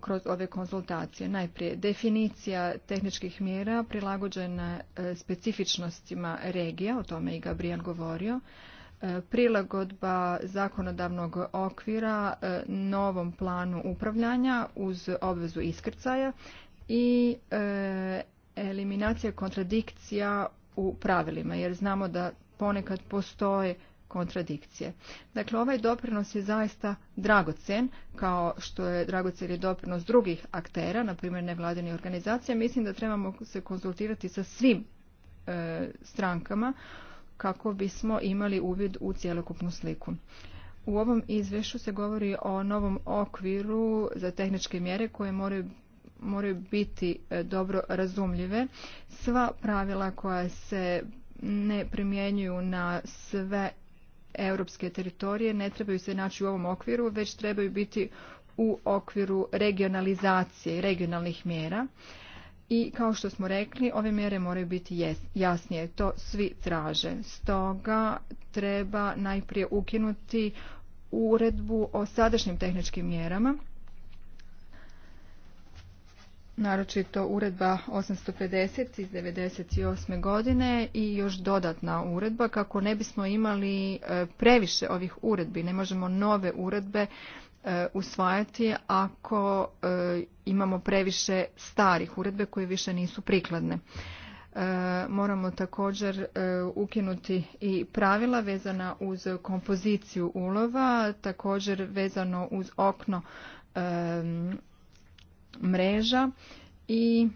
kroz ove konzultacije. Najprije definicija tehničkih mjera prilagođena e, specifičnostima regija, o tome i Gabriel govorio. E, prilagodba zakonodavnog okvira e, novom planu upravljanja uz obvezu iskrcaja i e, eliminacija kontradikcija u pravilima jer znamo da ponekad postoje kontradikcije. Dakle, ovaj doprinos je zaista dragocen, kao što je dragocen je doprinos drugih aktera, na primjer nevladinih organizacija. Mislim da trebamo se konzultirati sa svim strankama kako bismo imali uvid u cjelokupnu sliku. U ovom izvješću se govori o novom okviru za tehničke mjere koje moraju moraju biti e, dobro razumljive. Sva pravila koja se ne primjenjuju na sve europske teritorije ne trebaju se naći u ovom okviru, već trebaju biti u okviru regionalizacije i regionalnih mjera i kao što smo rekli, ove mjere moraju biti jasnije. To svi traže. Stoga treba najprije ukinuti uredbu o sadašnjim tehničkim mjerama. Naročito uredba 850 iz 1998. godine i još dodatna uredba kako ne bismo imali e, previše ovih uredbi. Ne možemo nove uredbe E, usvajati ako e, imamo previše starih uredbe koje više nisu prikladne. E, moramo također ukinuti i pravila vezana uz kompoziciju ulova, također vezano uz okno mreža i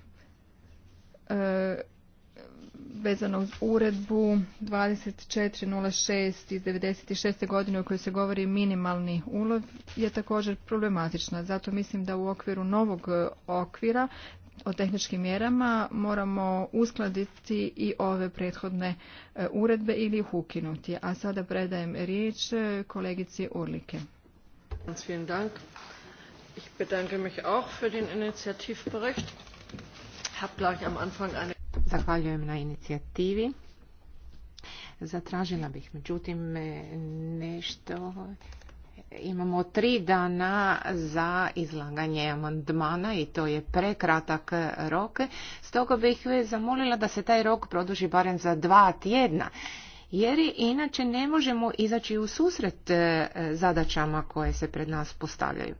vezano uz uredbu 2406 iz 96. godine u kojoj se govori minimalni ulov je također problematična. Zato mislim da u okviru novog e, okvira o tehničkim mjerama moramo uskladiti i ove prethodne e, uredbe ili ih ukinuti. A sada predajem riječ e, kolegici Urlike. Ich bedanke mich auch für den Zahvaljujem na inicijativi. Zatražila bih, međutim, nešto... Imamo tri dana za izlaganje amandmana i to je prekratak rok. Stoga bih zamolila da se taj rok produži barem za dva tjedna jer inače ne možemo izaći u susret eh, zadaćama koje se pred nas postavljaju.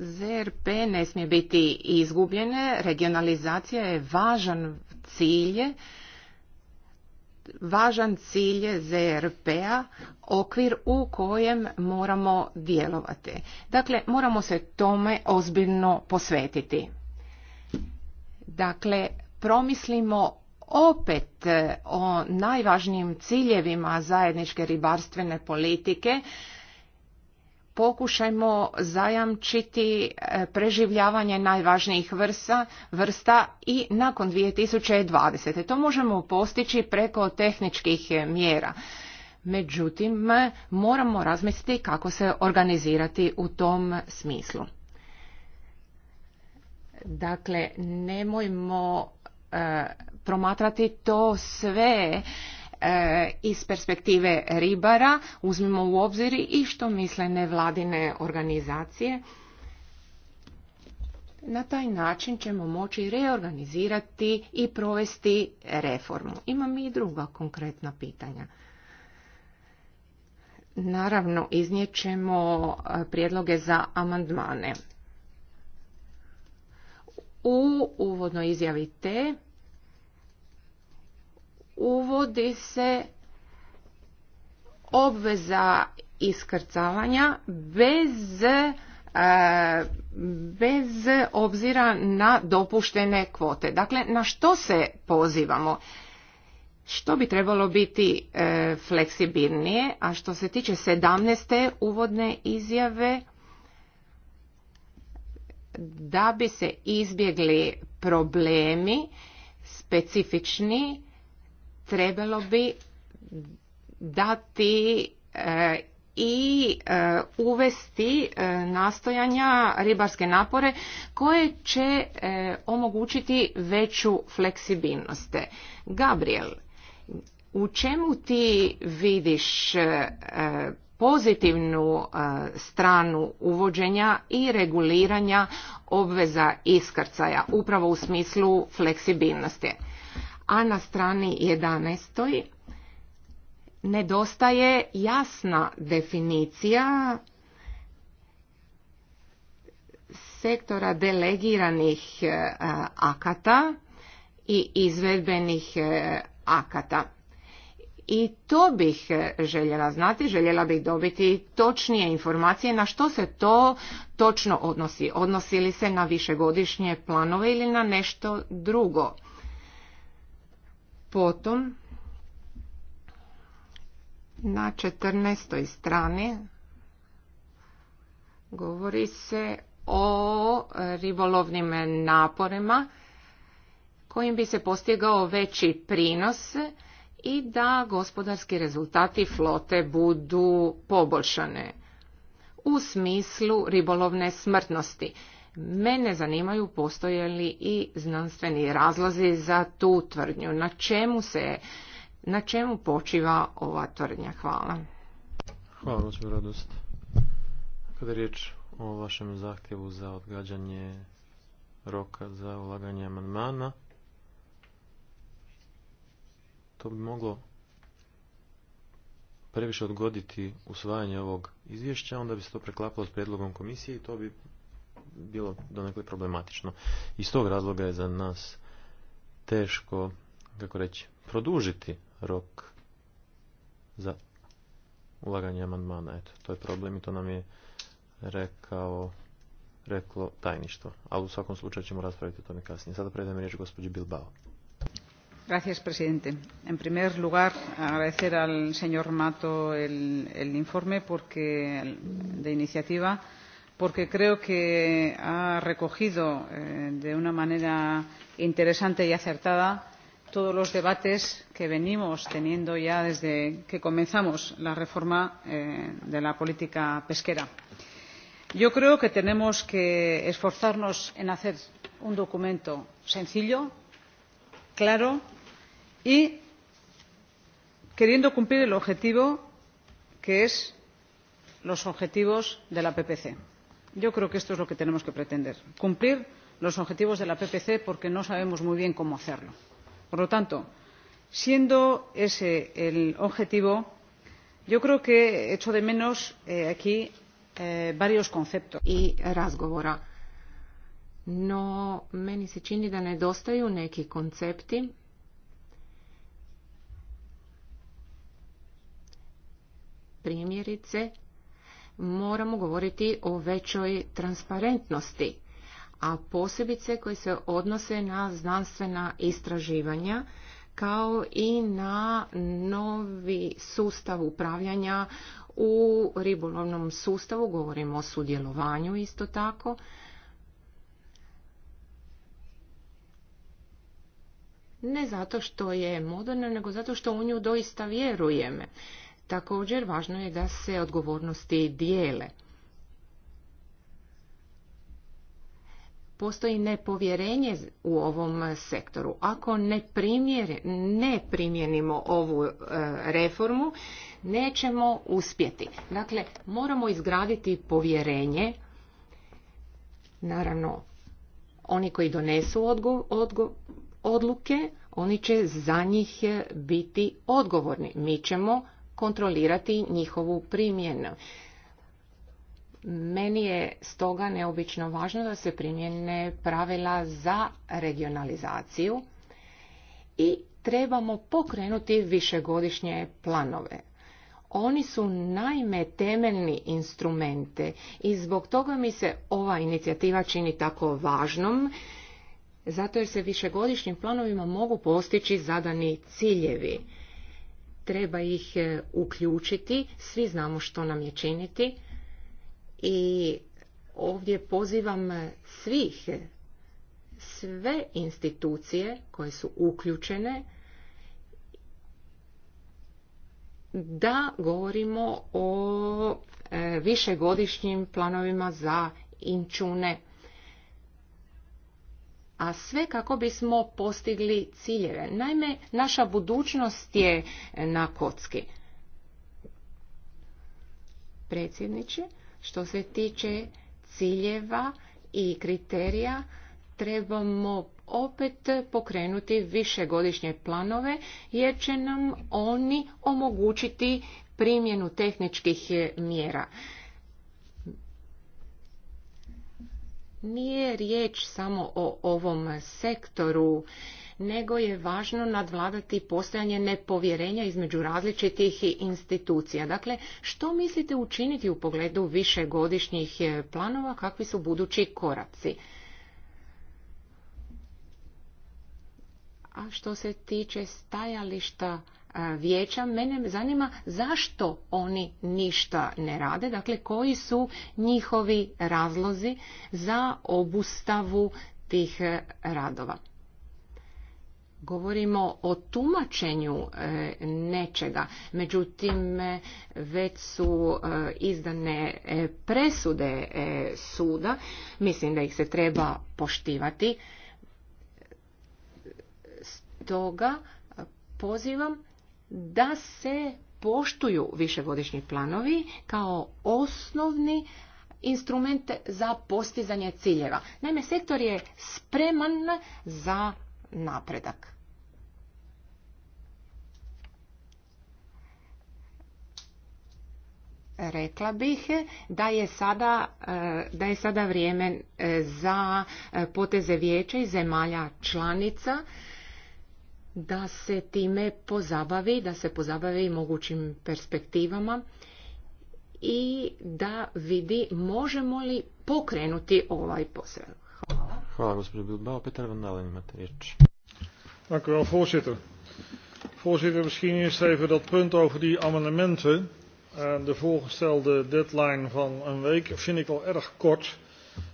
ZRP ne smije biti izgubljene, regionalizacija je važan cilj, važan cilj ZRP-a, okvir u kojem moramo djelovati. Dakle, moramo se tome ozbiljno posvetiti. Dakle, promislimo opet o najvažnijim ciljevima zajedničke ribarstvene politike, pokušajmo zajamčiti e, preživljavanje najvažnijih vrsta, vrsta i nakon 2020. To možemo postići preko tehničkih e, mjera. Međutim, e, moramo razmisliti kako se organizirati u tom smislu. Dakle, nemojmo promatrati to sve E, iz perspektive ribara uzmimo u obzir i što misle nevladine organizacije. Na taj način ćemo moći reorganizirati i provesti reformu. Imam i druga konkretna pitanja. Naravno, iznijećemo e, prijedloge za amandmane. U uvodnoj izjavi te uvodi se obveza iskrcavanja bez e, bez obzira na dopuštene kvote. Dakle, na što se pozivamo? Što bi trebalo biti e, fleksibilnije, a što se tiče 17. uvodne izjave, da bi se izbjegli problemi specifični trebalo bi dati e, i e, uvesti e, nastojanja ribarske napore koje će omogućiti veću fleksibilnost. Gabriel, u čemu ti vidiš pozitivnu stranu uvođenja i reguliranja obveza iskrcaja upravo u smislu fleksibilnosti? a na strani 11. nedostaje jasna definicija sektora delegiranih e, akata i izvedbenih e, akata. I to bih e, željela znati, željela bih dobiti točnije informacije na što se to točno odnosi. Odnosi li se na višegodišnje planove ili na nešto drugo? Potom na 14. strani govori se o ribolovnim naporima kojim bi se postigao veći prinos i da gospodarski rezultati flote budu poboljšane u smislu ribolovne smrtnosti. Mene zanimaju postoje li i znanstveni razlozi za tu tvrdnju. Na čemu se, na čemu počiva ova tvrdnja? Hvala. Hvala, gospođo Radost. Kada je riječ o vašem zahtjevu za odgađanje roka za ulaganje amandmana, to bi moglo previše odgoditi usvajanje ovog izvješća, onda bi se to preklapalo s prijedlogom komisije i to bi bilo donekle problematično. Iz tog razloga je za nas teško, kako reći, produžiti rok za ulaganje amandmana. Eto, to je problem i to nam je rekao reklo tajništvo. Ali u svakom slučaju ćemo raspraviti o tome kasnije. Sada predajem riječ gospođi Bilbao. Gracias, presidente. En primer lugar, agradecer al señor Mato el, el informe porque de iniciativa porque creo que ha recogido eh, de una manera interesante y acertada todos los debates que venimos teniendo ya desde que comenzamos la reforma eh, de la política pesquera. yo creo que tenemos que esforzarnos en hacer un documento sencillo claro y queriendo cumplir el objetivo que es los objetivos de la ppc yo creo que esto es lo que tenemos que pretender cumplir los objetivos de la ppc porque no sabemos muy bien cómo hacerlo. por lo tanto siendo ese el objetivo yo creo que echo de menos eh, aquí eh, varios conceptos y razgovora no meni se čini da nedostaju neki koncepti primjerice moramo govoriti o većoj transparentnosti, a posebice koje se odnose na znanstvena istraživanja kao i na novi sustav upravljanja u ribolovnom sustavu, govorimo o sudjelovanju isto tako. Ne zato što je moderna, nego zato što u nju doista vjerujem. Također, važno je da se odgovornosti dijele. Postoji nepovjerenje u ovom sektoru. Ako ne, primjer, ne primjenimo ovu e, reformu, nećemo uspjeti. Dakle, moramo izgraditi povjerenje. Naravno, oni koji donesu odgo, odluke, oni će za njih e, biti odgovorni. Mi ćemo kontrolirati njihovu primjenu. Meni je stoga neobično važno da se primjene pravila za regionalizaciju i trebamo pokrenuti višegodišnje planove. Oni su najme temeljni instrumente i zbog toga mi se ova inicijativa čini tako važnom, zato jer se višegodišnjim planovima mogu postići zadani ciljevi treba ih e, uključiti, svi znamo što nam je činiti i ovdje pozivam e, svih, e, sve institucije koje su uključene da govorimo o višegodišnjim planovima za inčune a sve kako bismo postigli ciljeve. Naime, naša budućnost je na kocki. Predsjedniče, što se tiče ciljeva i kriterija, trebamo opet pokrenuti višegodišnje planove jer će nam oni omogućiti primjenu tehničkih mjera. nije riječ samo o ovom sektoru, nego je važno nadvladati postojanje nepovjerenja između različitih institucija. Dakle, što mislite učiniti u pogledu višegodišnjih planova, kakvi su budući koraci? A što se tiče stajališta vijeća, mene zanima zašto oni ništa ne rade, dakle koji su njihovi razlozi za obustavu tih e, radova. Govorimo o tumačenju e, nečega, međutim e, već su izdane presude suda, mislim da ih se treba poštivati. Stoga pozivam da se poštuju višegodišnji planovi kao osnovni instrument za postizanje ciljeva. Naime, sektor je spreman za napredak. rekla bih da je sada, e, da je sada vrijeme e, za poteze vijeća i zemalja članica da se time pozabavi, da se pozabavi mogućim perspektivama i da vidi možemo li pokrenuti ovaj posao. Hvala. Hvala Bilbao. Petar Van Dalen imate riječ. Dank wel, voorzitter. Voorzitter, misschien eerst even dat punt over die amendementen. de voorgestelde deadline van een week vind ik al erg kort.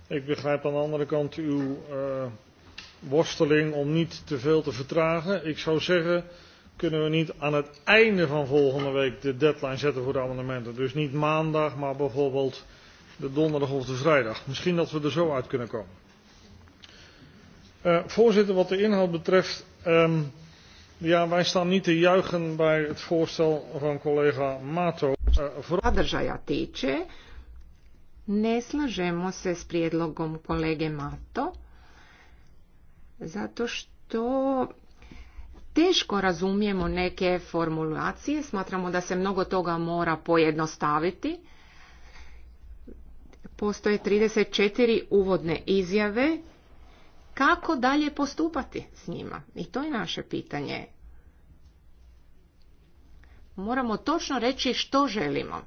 Ik begrijp aan de andere kant uw uh, worsteling om niet te veel te vertragen. Ik zou zeggen, kunnen we niet aan het einde van volgende week de deadline zetten voor de amendementen. Dus niet maandag, maar bijvoorbeeld de donderdag of de vrijdag. Misschien dat we er zo uit kunnen komen. Uh, voorzitter, wat de inhoud betreft, um, ja, wij staan niet te juichen bij het voorstel van collega Mato. Uh, ne slažemo se s prijedlogom kolege Mato zato što teško razumijemo neke formulacije, smatramo da se mnogo toga mora pojednostaviti. Postoje 34 uvodne izjave. Kako dalje postupati s njima? I to je naše pitanje. Moramo točno reći što želimo.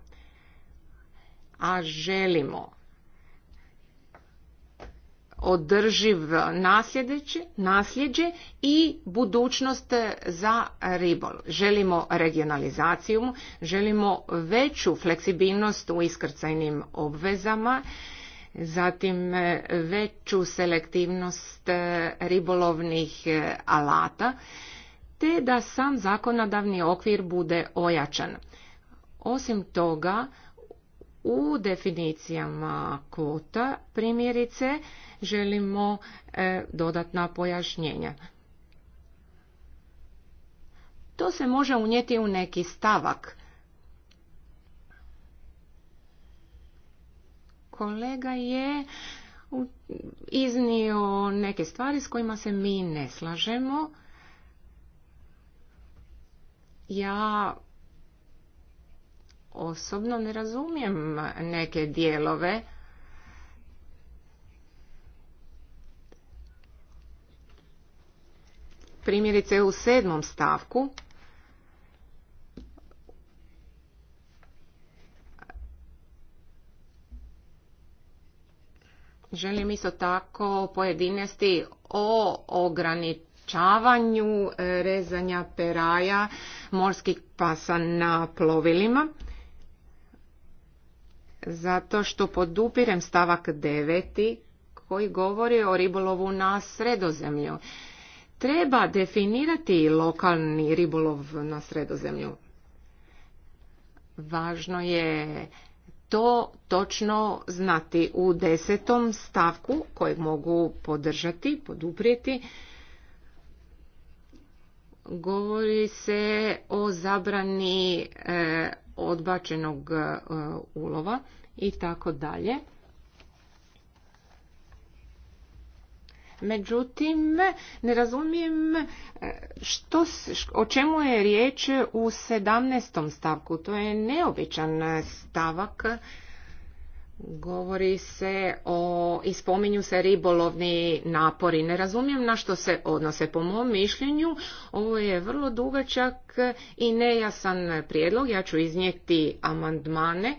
A želimo održiv nasljeđe i budućnost za ribol. Želimo regionalizaciju, želimo veću fleksibilnost u iskrcajnim obvezama, zatim veću selektivnost ribolovnih alata, te da sam zakonodavni okvir bude ojačan. Osim toga, u definicijama kvota primjerice želimo e, dodatna pojašnjenja. To se može unijeti u neki stavak. Kolega je iznio neke stvari s kojima se mi ne slažemo. Ja osobno ne razumijem neke dijelove primjerice u sedmom stavku želim isto tako pojedinesti o ograničavanju e, rezanja peraja morskih pasa na plovilima zato što podupirem stavak 9. koji govori o ribolovu na sredozemlju. Treba definirati lokalni ribolov na sredozemlju. Važno je to točno znati u desetom stavku kojeg mogu podržati, poduprijeti. Govori se o zabrani e, odbačenog e, ulova i tako dalje. Međutim, ne razumijem e, što, o čemu je riječ u 17. stavku. To je neobičan stavak Govori se o, i spominju se ribolovni napori. Ne razumijem na što se odnose. Po mom mišljenju ovo je vrlo dugačak i nejasan prijedlog. Ja ću iznijeti amandmane.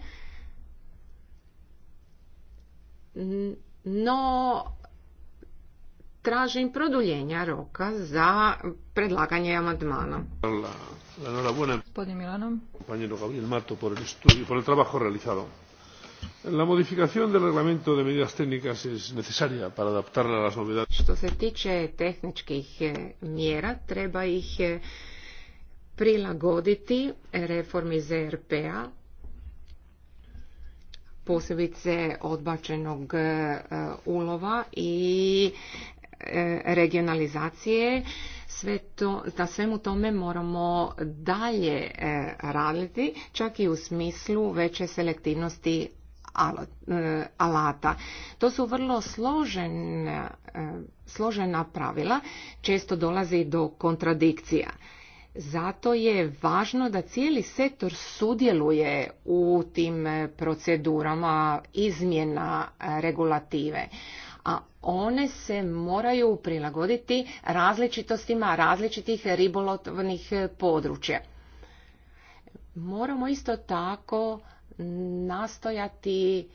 No, tražim produljenja roka za predlaganje amandmana. Hvala. Milanom. Hvala. Mato, trabajo realizado. La modificación del reglamento de medidas técnicas es necesaria para adaptarla a las novedades. Što se tiče tehničkih eh, mjera, treba ih eh, prilagoditi reformi ZRP-a, posebice odbačenog eh, ulova i regionalizacije. Sve to, na svemu tome moramo dalje raditi, čak i u smislu veće selektivnosti E, alata. To su vrlo složena, e, složena pravila, često dolazi do kontradikcija. Zato je važno da cijeli sektor sudjeluje u tim e, procedurama izmjena regulative. A one se moraju prilagoditi različitostima različitih ribolovnih područja. Moramo isto tako nastojati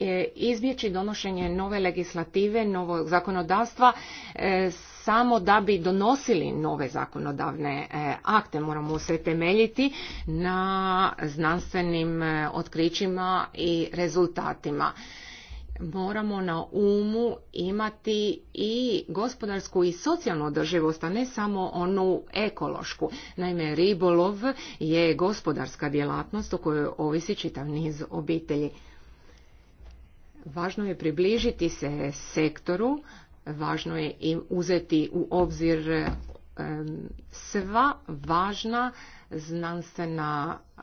e, izbjeći donošenje nove legislative, novog zakonodavstva e, samo da bi donosili nove zakonodavne e, akte. Moramo se temeljiti na znanstvenim otkrićima i rezultatima moramo na umu imati i gospodarsku i socijalnu održivost, a ne samo onu ekološku. Naime, ribolov je gospodarska djelatnost o kojoj ovisi čitav niz obitelji. Važno je približiti se sektoru, važno je i uzeti u obzir sva važna znanstvena eh,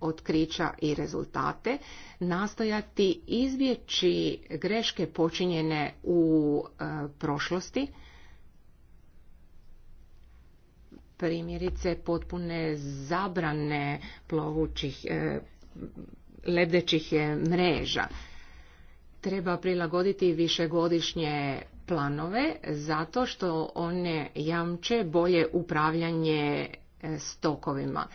otkrića i rezultate, nastojati izbjeći greške počinjene u eh, prošlosti, primjerice potpune zabrane plovućih eh, lebdećih mreža. Treba prilagoditi višegodišnje planove zato što one jamče bolje upravljanje E, stokovima.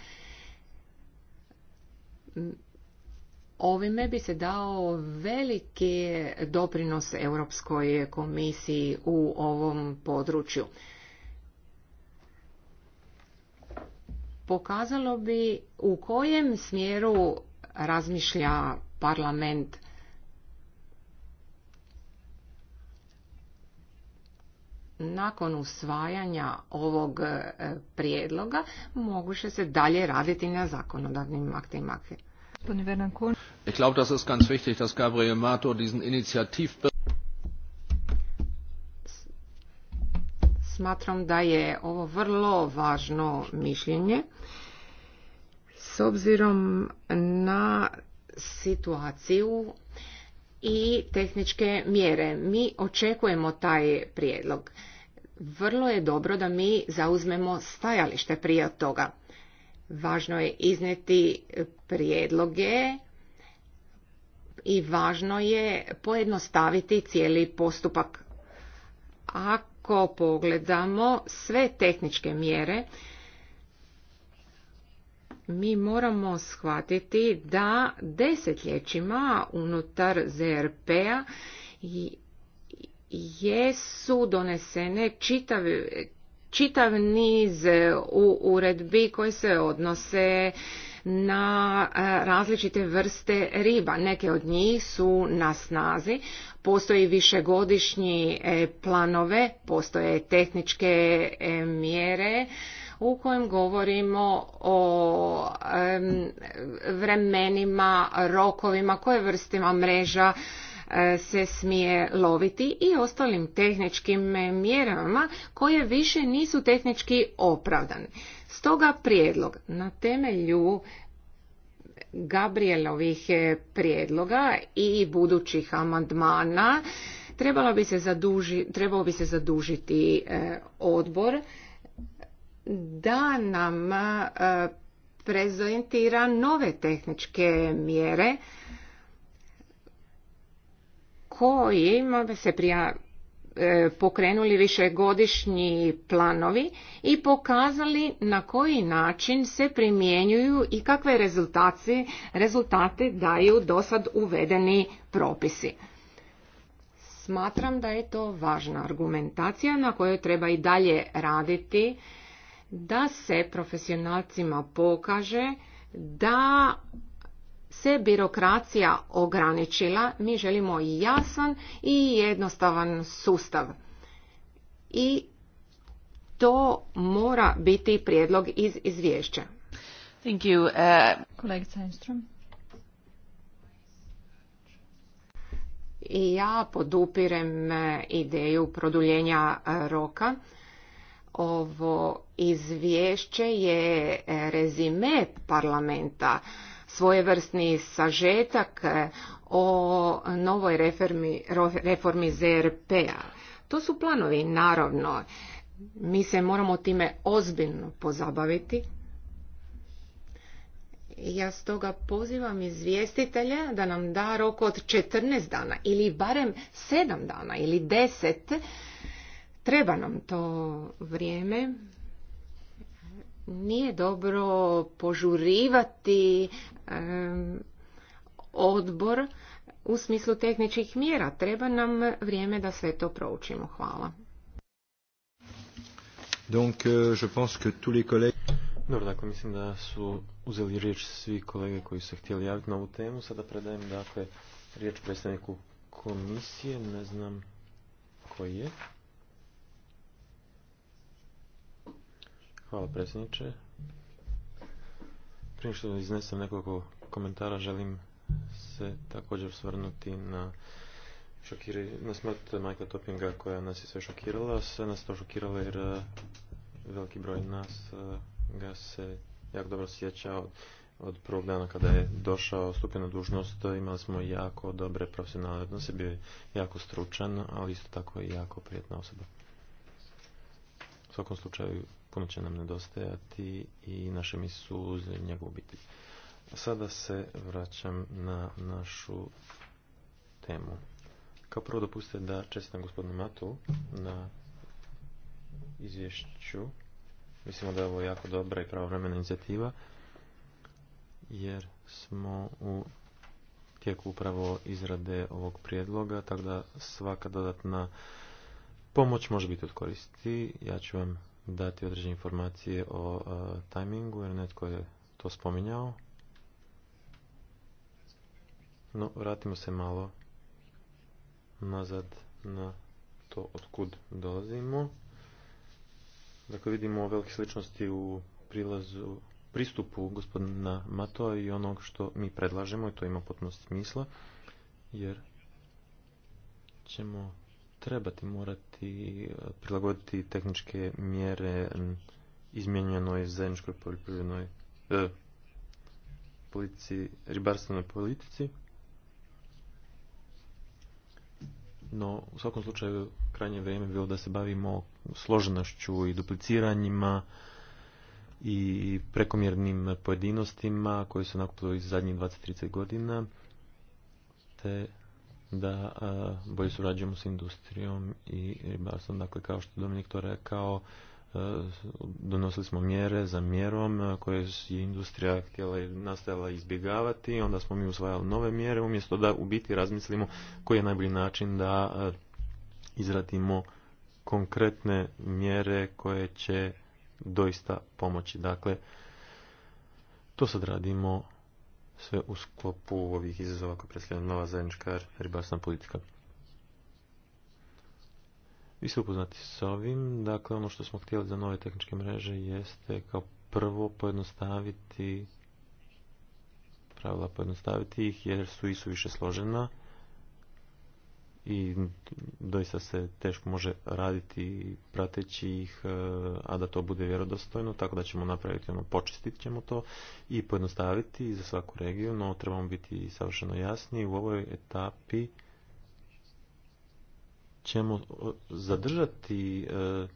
Ovime bi se dao veliki doprinos Europskoj komisiji u ovom području. Pokazalo bi u kojem smjeru razmišlja parlament nakon usvajanja ovog e, prijedloga moguće se dalje raditi na zakonodavnim aktima. Ich glaube, das ist Smatram da je ovo vrlo važno mišljenje s obzirom na situaciju i tehničke mjere. Mi očekujemo taj prijedlog vrlo je dobro da mi zauzmemo stajalište prije od toga. Važno je izneti prijedloge i važno je pojednostaviti cijeli postupak. Ako pogledamo sve tehničke mjere, mi moramo shvatiti da desetljećima unutar ZRP-a i jesu donesene čitav, čitav niz e, u uredbi koje se odnose na e, različite vrste riba. Neke od njih su na snazi, postoji višegodišnji e, planove, postoje tehničke mjere u kojem govorimo o vremenima, rokovima, koje vrstima mreža se smije loviti i ostalim tehničkim mjerama koje više nisu tehnički opravdane. Stoga prijedlog na temelju Gabrielovih eh, prijedloga i budućih amandmana trebalo bi se zaduži, trebao bi se zadužiti eh, odbor da nam eh, prezentira nove tehničke mjere kojima se prija, e, pokrenuli višegodišnji planovi i pokazali na koji način se primjenjuju i kakve rezultate, rezultate daju sad uvedeni propisi. Smatram da je to važna argumentacija na kojoj treba i dalje raditi da se profesionalcima pokaže da se birokracija ograničila, mi želimo jasan i jednostavan sustav. I to mora biti prijedlog iz izvješća. Thank you. Uh... Kolegica I ja podupirem uh, ideju produljenja uh, roka. Ovo izvješće je uh, rezime parlamenta svojevrsni sažetak e, o novoj reformi, reformi ZRP-a. To su planovi, naravno. Mi se moramo time ozbiljno pozabaviti. Ja stoga pozivam izvjestitelja da nam da rok od 14 dana ili barem 7 dana ili 10. Treba nam to vrijeme. Nije dobro požurivati odbor u smislu tehničkih mjera. Treba nam vrijeme da sve to proučimo. Hvala. Donc, euh, je pense que tous les collègues... Dobro, dakle, mislim da su uzeli riječ svi kolege koji su htjeli javiti na ovu temu. Sada predajem, dakle, riječ predstavniku komisije, ne znam koji je. Hvala predsjedniče. Prije što iznesem nekoliko komentara, želim se također svrnuti na šokiri, na smrt Majka Topinga koja nas je sve šokirala. Sve nas to šokiralo jer e, veliki broj nas e, ga se jako dobro sjeća od, od prvog dana kada je došao stupio na dužnost. Imali smo jako dobre profesionalne odnose, bio je jako stručan, ali isto tako i jako prijetna osoba. U svakom slučaju puno će nam nedostajati i naše mi uz njegovu obitelj. Sada se vraćam na našu temu. Kao prvo dopustite da čestitam gospodinu Matu na izvješću. Mislimo da je ovo jako dobra i pravovremena inicijativa jer smo u tijeku upravo izrade ovog prijedloga, tako da svaka dodatna pomoć može biti od koristi. Ja ću vam dati određene informacije o e, tajmingu, jer netko je to spominjao. No, vratimo se malo nazad na to otkud dolazimo. Dakle, vidimo velike sličnosti u prilazu, pristupu gospodina Matoa i onog što mi predlažemo i to ima potpuno smisla jer ćemo trebati morati e, prilagoditi tehničke mjere izmijenjenoj zajedničkoj poljoprivrednoj e, politici, ribarstvenoj politici. No, u svakom slučaju, krajnje vrijeme bilo da se bavimo složenošću i dupliciranjima i prekomjernim pojedinostima koje su nakupili iz zadnjih 20-30 godina, te da bolje surađujemo s industrijom i ribarstvom. Dakle, kao što Dominik to rekao, donosili smo mjere za mjerom koje je industrija htjela nastavila izbjegavati, onda smo mi usvajali nove mjere, umjesto da u biti razmislimo koji je najbolji način da izradimo konkretne mjere koje će doista pomoći. Dakle, to sad radimo sve u sklopu ovih izazova koje predstavlja nova zajednička ribarstvena politika. Vi ste upoznati s ovim, dakle ono što smo htjeli za nove tehničke mreže jeste kao prvo pojednostaviti pravila pojednostaviti ih jer su i su više složena i doista se teško može raditi prateći ih, e, a da to bude vjerodostojno, tako da ćemo napraviti ono, počistit ćemo to i pojednostaviti za svaku regiju, no trebamo biti savršeno jasni. U ovoj etapi ćemo e, zadržati e,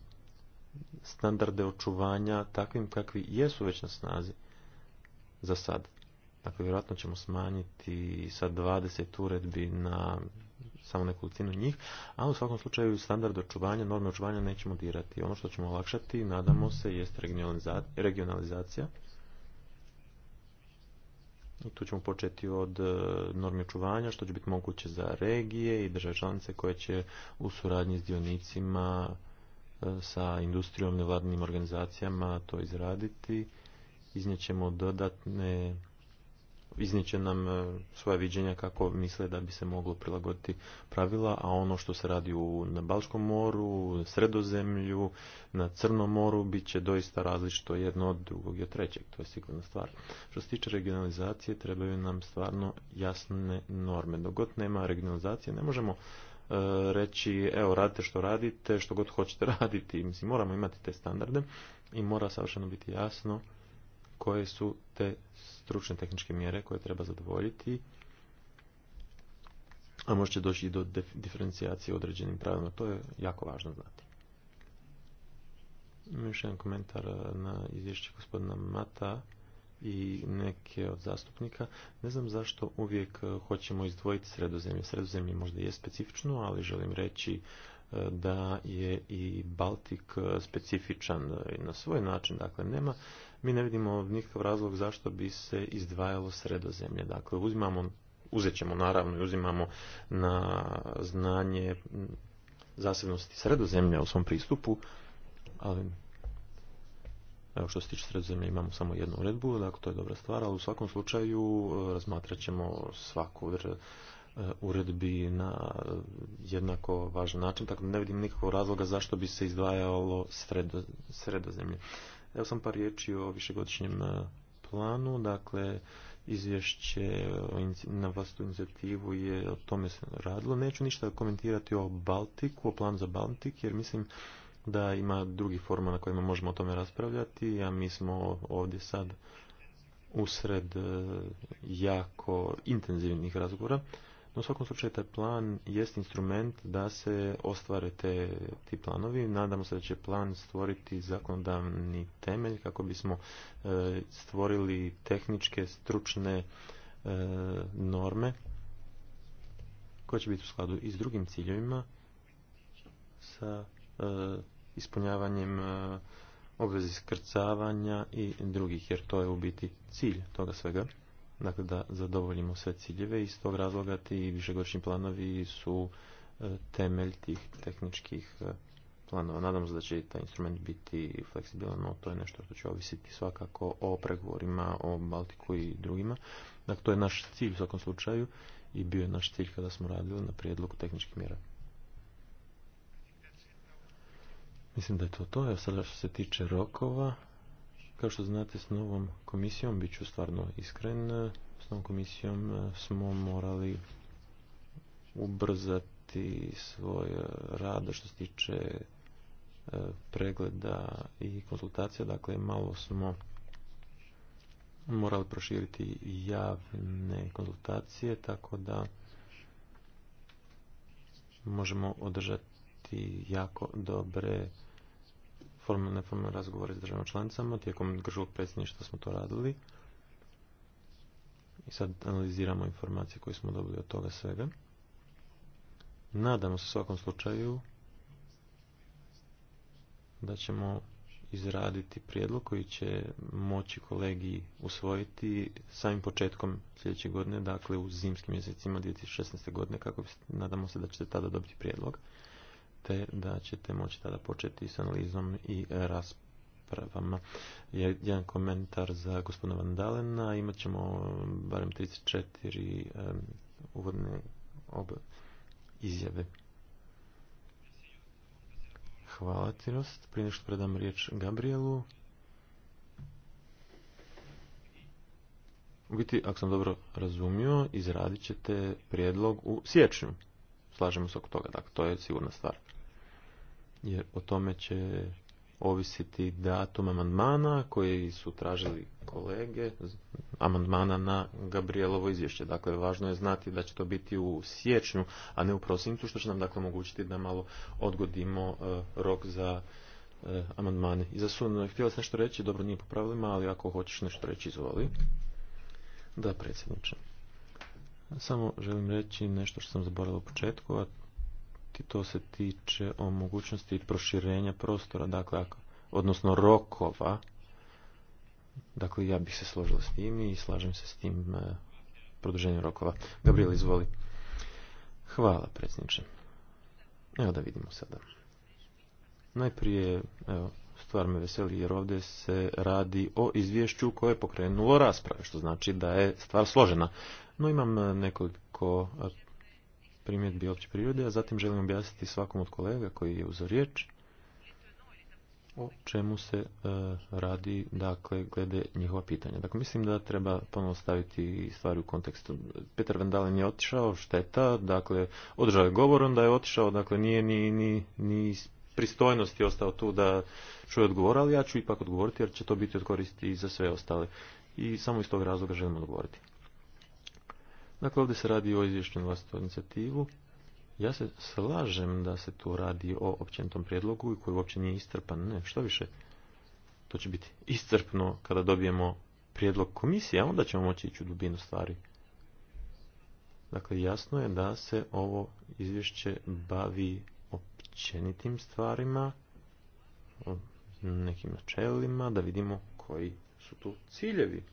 standarde očuvanja takvim kakvi jesu već na snazi za sad. Dakle, vjerojatno ćemo smanjiti sa 20 uredbi na samo nekolicinu njih, a u svakom slučaju standard očuvanja, norme očuvanja nećemo dirati. Ono što ćemo olakšati, nadamo se, jest regionalizacija. I tu ćemo početi od e, norme očuvanja, što će biti moguće za regije i države članice koje će u suradnji s dionicima, e, sa industrijom, vladnim organizacijama to izraditi. Iznijet ćemo dodatne izniče nam e, svoja viđenja kako misle da bi se moglo prilagoditi pravila, a ono što se radi u, na Balškom moru, Sredozemlju, na Crnom moru, bit će doista različito jedno od drugog i od trećeg, to je sigurna stvar. Što se tiče regionalizacije, trebaju nam stvarno jasne norme. Dogod nema regionalizacije, ne možemo e, reći evo radite što radite, što god hoćete raditi. Mislim, moramo imati te standarde i mora savršeno biti jasno koje su te stručne tehničke mjere koje treba zadovoljiti, a možda će doći i do diferencijacije određenim pravilima. To je jako važno znati. Imam još jedan komentar eh, na izvješće gospodina Mata i neke od zastupnika. Ne znam zašto uvijek eh, hoćemo izdvojiti sredozemlje. Sredozemlje možda je specifično, ali želim reći eh, da je i Baltik specifičan na svoj način. Dakle, nema mi ne vidimo nikakav razlog zašto bi se izdvajalo sredozemlje. Dakle, uzimamo, uzet ćemo naravno i uzimamo na znanje zasebnosti sredozemlja u svom pristupu, ali Evo što se tiče sredozemlja imamo samo jednu uredbu, dakle to je dobra stvar, ali u svakom slučaju e, razmatrat ćemo svaku e, uredbi na jednako važan način, tako da ne vidim nikakvog razloga zašto bi se izdvajalo sredo, sredozemlje. Evo sam par riječi o višegodišnjem e, planu, dakle izvješće na vlastitu inicijativu je o tome se radilo. Neću ništa komentirati o Baltiku, o planu za Baltik, jer mislim da ima drugi forma na kojima možemo o tome raspravljati, a mi smo ovdje sad usred e, jako intenzivnih razgovora u svakom slučaju taj plan jest instrument da se ostvare te, ti planovi. Nadamo se da će plan stvoriti zakonodavni temelj kako bismo e, stvorili tehničke, stručne e, norme koje će biti u skladu i s drugim ciljevima sa e, ispunjavanjem obveze skrcavanja i drugih, jer to je u biti cilj toga svega dakle, da zadovoljimo sve ciljeve. Iz tog razloga ti višegodišnji planovi su e, temelj tih tehničkih e, planova. Nadam se da će taj instrument biti fleksibilan, no to je nešto što će ovisiti svakako o pregovorima, o Baltiku i drugima. Dakle, to je naš cilj u svakom slučaju i bio je naš cilj kada smo radili na prijedlogu tehničkih mjera. Mislim da je to to. sada što se tiče rokova, kao što znate, s novom komisijom, bit ću stvarno iskren, s novom komisijom e, smo morali ubrzati svoj rad što se tiče e, pregleda i konsultacija. Dakle, malo smo morali proširiti javne konsultacije, tako da možemo održati jako dobre formalne formalne razgovore s državama članicama. Tijekom državog predsjedništva smo to radili. I sad analiziramo informacije koje smo dobili od toga svega. Nadamo se u svakom slučaju da ćemo izraditi prijedlog koji će moći kolegi usvojiti samim početkom sljedeće godine, dakle u zimskim mjesecima 2016. godine, kako nadamo se da ćete tada dobiti prijedlog te da ćete moći tada početi s analizom i raspravama. Jedan komentar za gospodina Vandalena, imat ćemo barem 34 uvodne izjave. Hvala ti, Rost. Prije nešto predam riječ Gabrielu. U biti, ako sam dobro razumio, izradit ćete prijedlog u siječnju. Slažemo se oko toga, dakle, to je sigurna stvar jer o tome će ovisiti datum amandmana koji su tražili kolege, amandmana na Gabrielovo izvješće. Dakle, važno je znati da će to biti u siječnju, a ne u prosincu, što će nam dakle omogućiti da malo odgodimo e, rok za e, amandmane. I za suno, htjela sam nešto reći, dobro nije po pravilima, ali ako hoćeš nešto reći, izvoli. Da, predsjedniče. Samo želim reći nešto što sam zaboravila u početku, a to se tiče o mogućnosti proširenja prostora, dakle, odnosno rokova. Dakle, ja bih se složila s tim i slažem se s tim e, produženjem rokova. Gabriel, izvoli. Hvala, predsjedniče. Evo da vidimo sada. Najprije, evo, stvar me veseli jer ovdje se radi o izvješću koje je pokrenulo rasprave, što znači da je stvar složena. No imam e, nekoliko e, primjedbi opće prirode, a zatim želim objasniti svakom od kolega koji je uzor riječ o čemu se e, radi dakle glede njihova pitanja. Dakle, mislim da treba ponovno staviti stvari u kontekstu. Petar Vendalen je otišao, šteta, dakle, održao je govorom da je otišao, dakle, nije ni, ni, pristojnosti ostao tu da čuje odgovor, ali ja ću ipak odgovoriti jer će to biti od koristi i za sve ostale. I samo iz tog razloga želim odgovoriti. Dakle, ovdje se radi o izvješću na vlastitu inicijativu. Ja se slažem da se tu radi o općenitom prijedlogu i koji uopće nije istrpan. Ne, što više, to će biti iscrpno kada dobijemo prijedlog komisije, a onda ćemo moći ići u dubinu stvari. Dakle, jasno je da se ovo izvješće bavi općenitim stvarima, nekim načelima, da vidimo koji su tu ciljevi.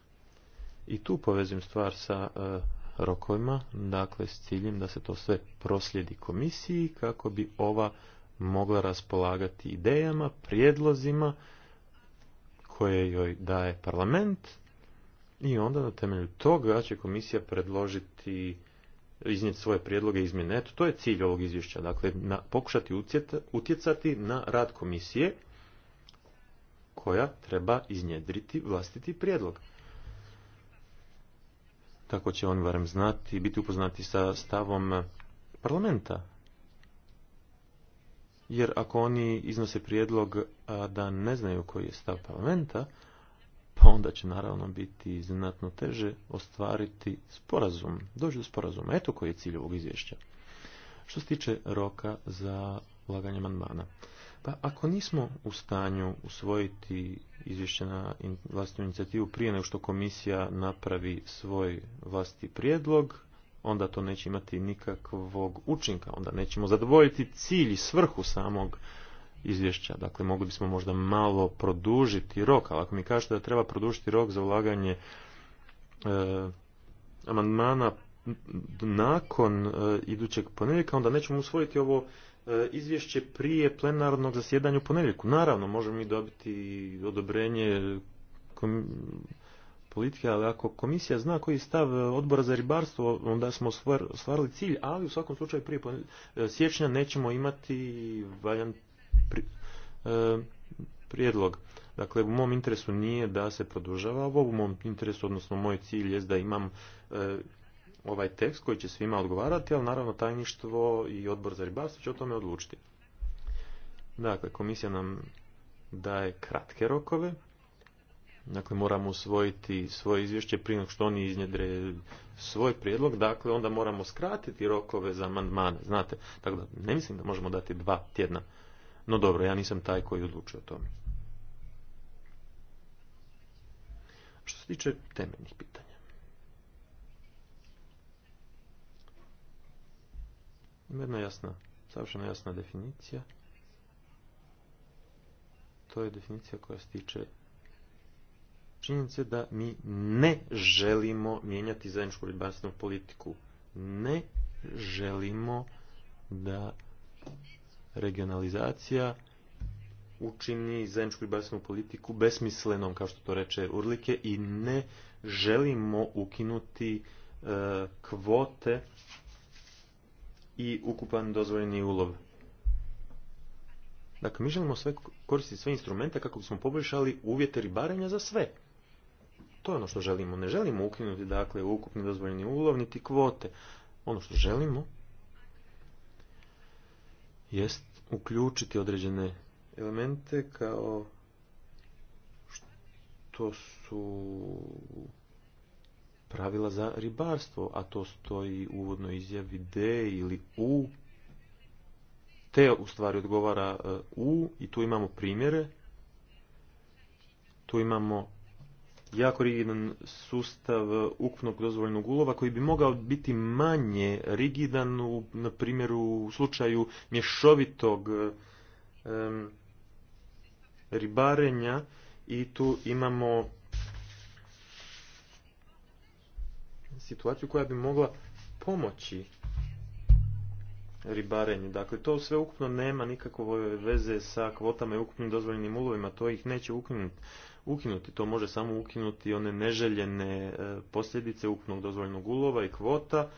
I tu povezim stvar sa e, rokovima, dakle s ciljem da se to sve proslijedi komisiji kako bi ova mogla raspolagati idejama, prijedlozima koje joj daje parlament i onda na temelju toga će komisija predložiti iznijeti svoje prijedloge izmjene. Eto, to je cilj ovog izvješća. Dakle, na, pokušati utjecati na rad komisije koja treba iznjedriti vlastiti prijedlog kako će on, barem znati, biti upoznati sa stavom parlamenta. Jer ako oni iznose prijedlog a da ne znaju koji je stav parlamenta, pa onda će naravno biti znatno teže ostvariti sporazum, doći do sporazuma. Eto koji je cilj ovog izvješća. Što se tiče roka za ulaganje manmana. Pa ako nismo u stanju usvojiti izvješće na vlastnu inicijativu prije nego što komisija napravi svoj vlastiti prijedlog, onda to neće imati nikakvog učinka, onda nećemo zadovoljiti cilj i svrhu samog izvješća. Dakle, mogli bismo možda malo produžiti rok, ali ako mi kažete da treba produžiti rok za ulaganje e, amandmana nakon e, idućeg ponedjeljka, onda nećemo usvojiti ovo E, izvješće prije plenarnog zasjedanja u ponedjeljku. Naravno, možemo mi dobiti odobrenje politike, ali ako komisija zna koji je stav odbora za ribarstvo, onda smo stvarili cilj, ali u svakom slučaju prije e, siječnja nećemo imati valjan e, prijedlog. Dakle, u mom interesu nije da se produžava ovo, u mom interesu, odnosno moj cilj je da imam ovaj tekst koji će svima odgovarati, ali naravno tajništvo i odbor za ribarstvo će o tome odlučiti. Dakle, komisija nam daje kratke rokove, dakle moramo usvojiti svoje izvješće prije nego što oni iznjedre svoj prijedlog, dakle onda moramo skratiti rokove za amandmane, znate, tako da ne mislim da možemo dati dva tjedna. No dobro, ja nisam taj koji odlučuje o tome. Što se tiče temeljnih pitanja. Ima jedna jasna, savršeno jasna definicija. To je definicija koja se tiče činjenice da mi ne želimo mijenjati zajedničku ribarstvenu politiku. Ne želimo da regionalizacija učini zajedničku ribarstvenu politiku besmislenom, kao što to reče Urlike, i ne želimo ukinuti e, kvote i ukupan dozvoljeni ulov. Dakle, mi želimo sve koristiti sve instrumente kako bismo poboljšali uvjete ribarenja za sve. To je ono što želimo. Ne želimo ukinuti dakle ukupni dozvoljeni ulov niti kvote. Ono što želimo jest uključiti određene elemente kao što su pravila za ribarstvo, a to stoji u uvodnoj izjavi D ili U. Te u stvari odgovara e, U i tu imamo primjere. Tu imamo jako rigidan sustav ukupnog dozvoljenog ulova koji bi mogao biti manje rigidan u, na primjer u slučaju mješovitog e, ribarenja i tu imamo situaciju koja bi mogla pomoći ribarenju. Dakle, to sve ukupno nema nikakve veze sa kvotama i ukupnim dozvoljenim ulovima. To ih neće ukinuti. ukinuti. To može samo ukinuti one neželjene e, posljedice ukupnog dozvoljenog ulova i kvota.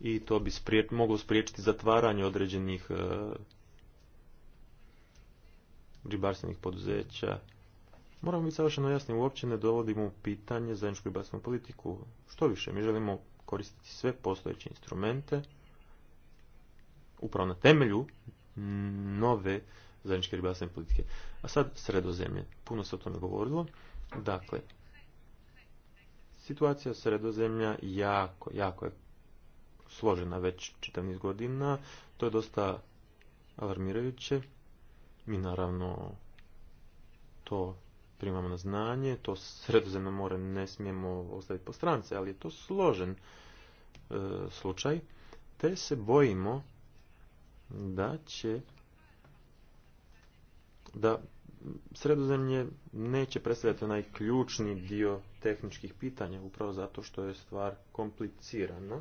I to bi sprije, moglo spriječiti zatvaranje određenih e, ribarstvenih poduzeća Moramo biti savršeno jasni, uopće ne dovodimo u pitanje zajedničku ribarstvenu politiku. Što više, mi želimo koristiti sve postojeće instrumente, upravo na temelju nove zajedničke ribarstvene politike. A sad sredozemlje. Puno se o tome govorilo. Dakle, situacija sredozemlja jako, jako je složena već čitav godina. To je dosta alarmirajuće. Mi naravno to primamo na znanje, to sredozemno more ne smijemo ostaviti po strance, ali je to složen e, slučaj, te se bojimo da će da sredozemlje neće predstavljati onaj ključni dio tehničkih pitanja, upravo zato što je stvar komplicirana.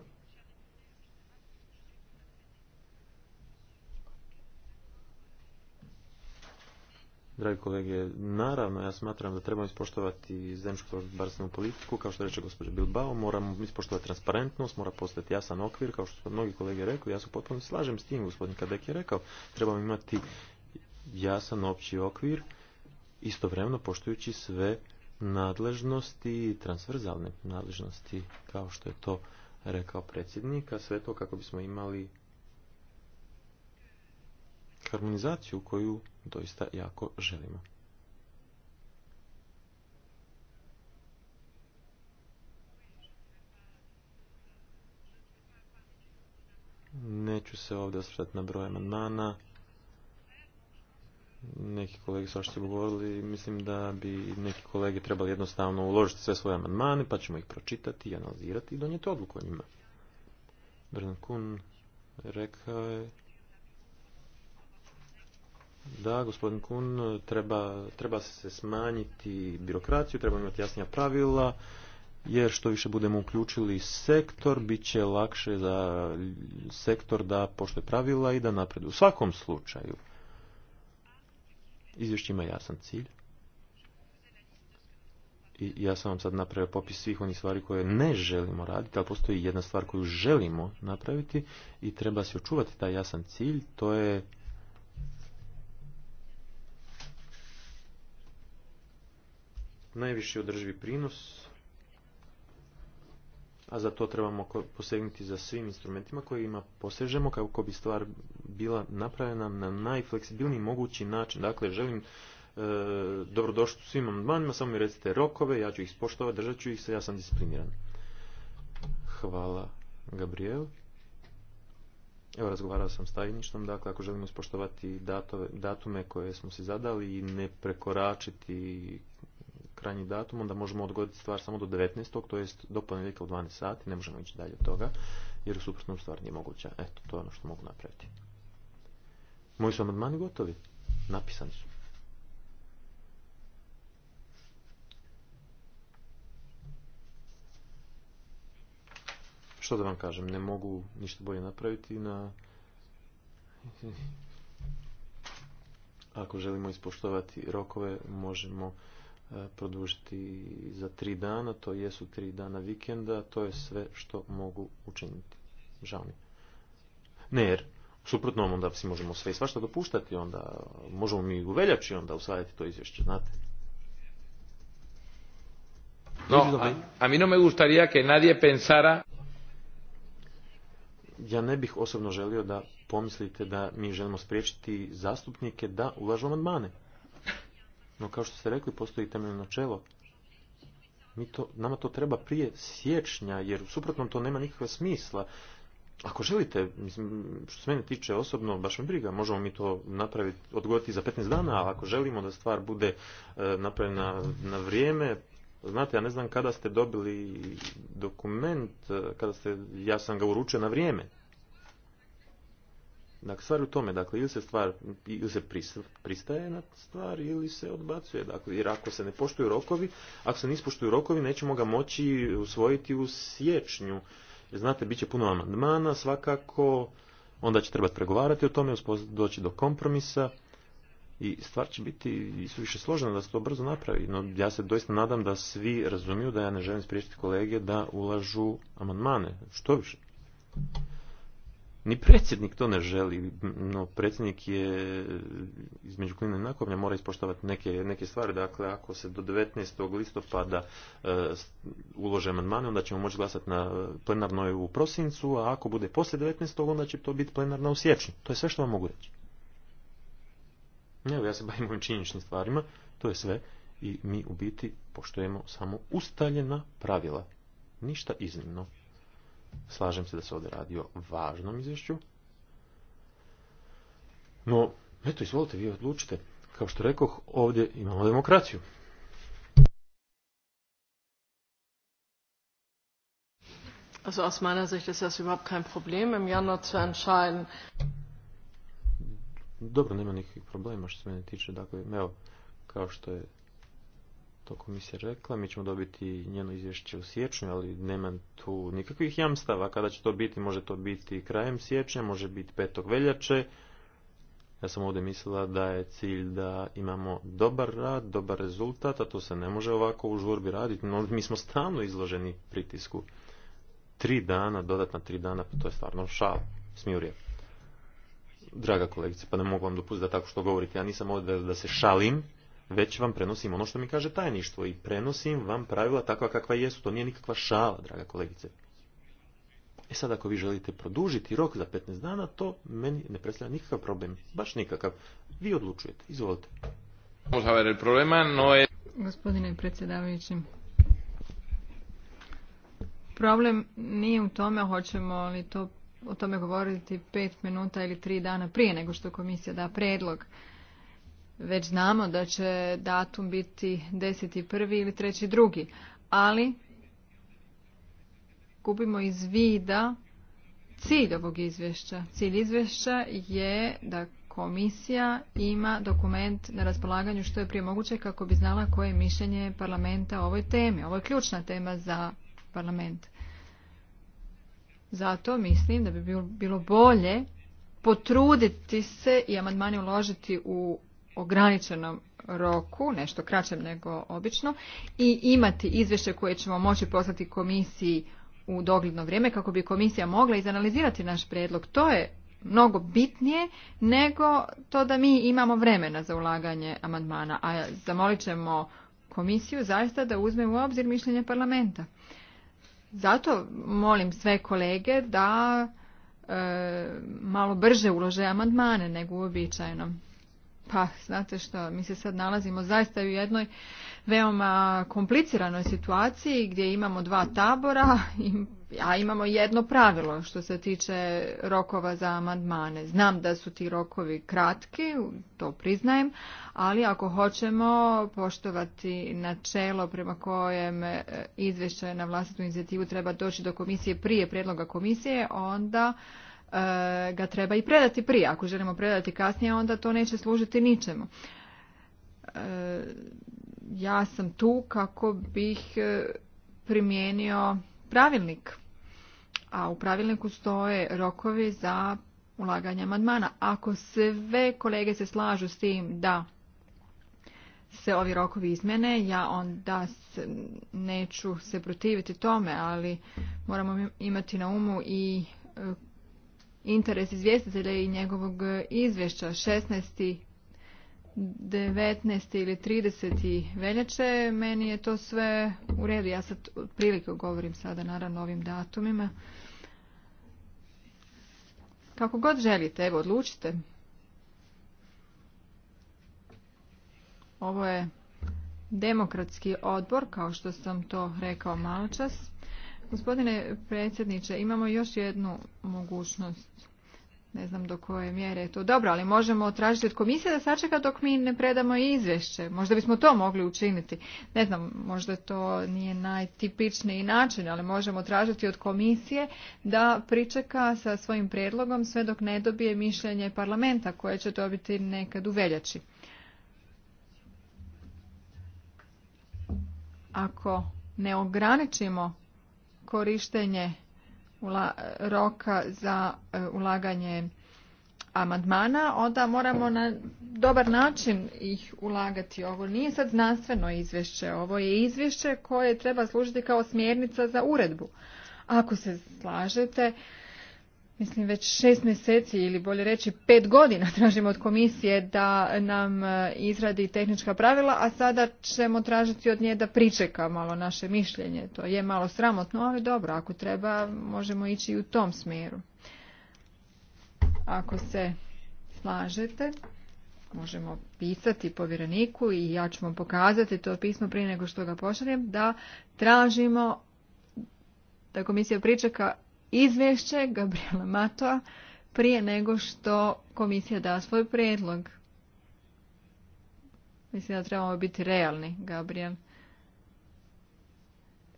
Dragi kolege, naravno ja smatram da trebamo ispoštovati zemljičku barstvenu politiku, kao što reče gospođa Bilbao, moramo ispoštovati transparentnost, mora postati jasan okvir, kao što su mnogi kolege rekli, ja se potpuno slažem s tim, gospodin Kadek je rekao, trebamo imati jasan opći okvir, istovremeno poštujući sve nadležnosti, transverzalne nadležnosti, kao što je to rekao predsjednik, a sve to kako bismo imali harmonizaciju koju doista jako želimo. Neću se ovdje osvrtati na broj amandmana. Neki kolege su što govorili, mislim da bi neki kolege trebali jednostavno uložiti sve svoje amandmane, pa ćemo ih pročitati, i analizirati i donijeti odluku o njima. Bernard rekao je da, gospodin Kun, treba, treba se smanjiti birokraciju, treba imati jasnija pravila, jer što više budemo uključili sektor, bit će lakše za sektor da pošle pravila i da napreduje. U svakom slučaju, izvješće ima jasan cilj. I ja sam vam sad napravio popis svih onih stvari koje ne želimo raditi, ali postoji jedna stvar koju želimo napraviti i treba se očuvati taj jasan cilj, to je najviši održivi prinos, a za to trebamo posegnuti za svim instrumentima kojima posežemo kako bi stvar bila napravljena na najfleksibilniji mogući način. Dakle, želim e, dobrodošli svim amandmanima, samo mi recite rokove, ja ću ih spoštovati, držat ću ih se, ja sam discipliniran. Hvala, Gabriel. Evo, razgovarao sam s tajništvom, dakle, ako želimo spoštovati datume koje smo si zadali i ne prekoračiti krajnji datum, onda možemo odgoditi stvar samo do 19. to jest do ponedjeljka u 12 sati, ne možemo ići dalje od toga, jer u suprotnom stvar nije moguća. Eto, to je ono što mogu napraviti. Moji su amandmani gotovi, napisani su. Što da vam kažem, ne mogu ništa bolje napraviti na... Ako želimo ispoštovati rokove, možemo produžiti za tri dana, to jesu tri dana vikenda, to je sve što mogu učiniti. Žao mi. Ne, jer suprotno onda si možemo sve i svašta dopuštati, onda možemo mi u veljači onda usvajati to izvješće, znate. No, a, mi no me gustaría que nadie pensara... Ja ne bih osobno želio da pomislite da mi želimo spriječiti zastupnike da ulažu amandmane. No kao što ste rekli, postoji temeljno načelo. Mi to, nama to treba prije siječnja, jer u to nema nikakve smisla. Ako želite, mislim, što se mene tiče osobno, baš me briga, možemo mi to napraviti, odgovoriti za 15 dana, ali ako želimo da stvar bude e, napravljena na vrijeme, znate, ja ne znam kada ste dobili dokument, e, kada ste, ja sam ga uručio na vrijeme, Dakle, stvar u tome, dakle, ili se stvar, ili se pristaje na stvar, ili se odbacuje, dakle, jer ako se ne poštuju rokovi, ako se ne ispoštuju rokovi, nećemo ga moći usvojiti u siječnju. Znate, bit će puno amandmana, svakako, onda će trebati pregovarati o tome, doći do kompromisa i stvar će biti i su više složena da se to brzo napravi. No, ja se doista nadam da svi razumiju da ja ne želim spriječiti kolege da ulažu amandmane, što više. Ni predsjednik to ne želi, no predsjednik je između klina i nakovnja mora ispoštovati neke, neke stvari. Dakle, ako se do 19. listopada e, ulože amandmane, onda ćemo moći glasati na plenarnoj u prosincu, a ako bude poslije 19. onda će to biti plenarna u siječnju. To je sve što vam mogu reći. Evo, ja se bavim ovim činjeničnim stvarima, to je sve i mi u biti poštujemo samo ustaljena pravila. Ništa iznimno. Slažem se da se ovdje radi o važnom izvješću. No, eto, izvolite, vi odlučite. Kao što rekoh, ovdje imamo demokraciju. Also aus meiner Sicht ist das überhaupt kein Problem, im Januar zu entscheiden. Dobro, nema nikakvih problema što se mene tiče. Dakle, evo, kao što je to komisija rekla. Mi ćemo dobiti njeno izvješće u siječnju, ali nema tu nikakvih jamstava. Kada će to biti? Može to biti krajem siječnja, može biti petog veljače. Ja sam ovdje mislila da je cilj da imamo dobar rad, dobar rezultat, a to se ne može ovako u žurbi raditi. No, mi smo stalno izloženi pritisku. Tri dana, dodatna tri dana, pa to je stvarno šal, smjurje. Draga kolegice, pa ne mogu vam dopustiti da tako što govorite. Ja nisam ovdje da se šalim, već vam prenosim ono što mi kaže tajništvo i prenosim vam pravila takva kakva jesu. To nije nikakva šala, draga kolegice. E sad, ako vi želite produžiti rok za 15 dana, to meni ne predstavlja nikakav problem. Baš nikakav. Vi odlučujete. Izvolite. Gospodine predsjedavajući, problem nije u tome hoćemo li to o tome govoriti pet minuta ili tri dana prije nego što komisija da predlog već znamo da će datum biti prvi ili 3.2. Ali gubimo iz vida cilj ovog izvješća. Cilj izvješća je da komisija ima dokument na raspolaganju što je prije moguće kako bi znala koje je mišljenje parlamenta o ovoj temi. Ovo je ključna tema za parlament. Zato mislim da bi bilo bolje potruditi se i amandmani uložiti u ograničenom roku, nešto kraćem nego obično, i imati izvješće koje ćemo moći poslati komisiji u dogledno vrijeme kako bi komisija mogla izanalizirati naš prijedlog. To je mnogo bitnije nego to da mi imamo vremena za ulaganje amandmana, a zamolit ćemo komisiju zaista da uzme u obzir mišljenje parlamenta. Zato molim sve kolege da e, malo brže ulože amandmane nego uobičajeno. Pa, znate što, mi se sad nalazimo zaista u jednoj veoma kompliciranoj situaciji gdje imamo dva tabora, a imamo jedno pravilo što se tiče rokova za amandmane. Znam da su ti rokovi kratki, to priznajem, ali ako hoćemo poštovati načelo prema kojem e, izvješće na vlastitu inicijativu treba doći do komisije prije predloga komisije, onda E, ga treba i predati prije. Ako želimo predati kasnije, onda to neće služiti ničemu. E, ja sam tu kako bih e, primijenio pravilnik. A u pravilniku stoje rokovi za ulaganje amandmana. Ako sve kolege se slažu s tim da se ovi rokovi izmene, ja onda neću se protiviti tome, ali moramo imati na umu i interes izvjestitelja i njegovog e, izvješća 16. 19. ili 30. veljače, meni je to sve u redu. Ja sad prilike govorim sada naravno o ovim datumima. Kako god želite, evo odlučite. Ovo je demokratski odbor, kao što sam to rekao malo čas. Gospodine predsjedniče, imamo još jednu mogućnost. Ne znam do koje mjere je to dobro, ali možemo tražiti od komisije da sačeka dok mi ne predamo izvješće. Možda bismo to mogli učiniti. Ne znam, možda to nije najtipičniji način, ali možemo tražiti od komisije da pričeka sa svojim predlogom sve dok ne dobije mišljenje parlamenta koje će dobiti nekad u veljači. Ako ne ograničimo korištenje roka za e, ulaganje amandmana, onda moramo na dobar način ih ulagati. Ovo nije sad znanstveno izvješće, ovo je izvješće koje treba služiti kao smjernica za uredbu. Ako se slažete, mislim već šest mjeseci ili bolje reći pet godina tražimo od komisije da nam e, izradi tehnička pravila, a sada ćemo tražiti od nje da pričeka malo naše mišljenje. To je malo sramotno, ali dobro, ako treba možemo ići i u tom smjeru. Ako se slažete, možemo pisati povjereniku i ja ću vam pokazati to pismo prije nego što ga pošaljem, da tražimo da komisija pričeka izvješće Gabriela Matoa prije nego što komisija da svoj prijedlog. Mislim da trebamo biti realni, Gabriel.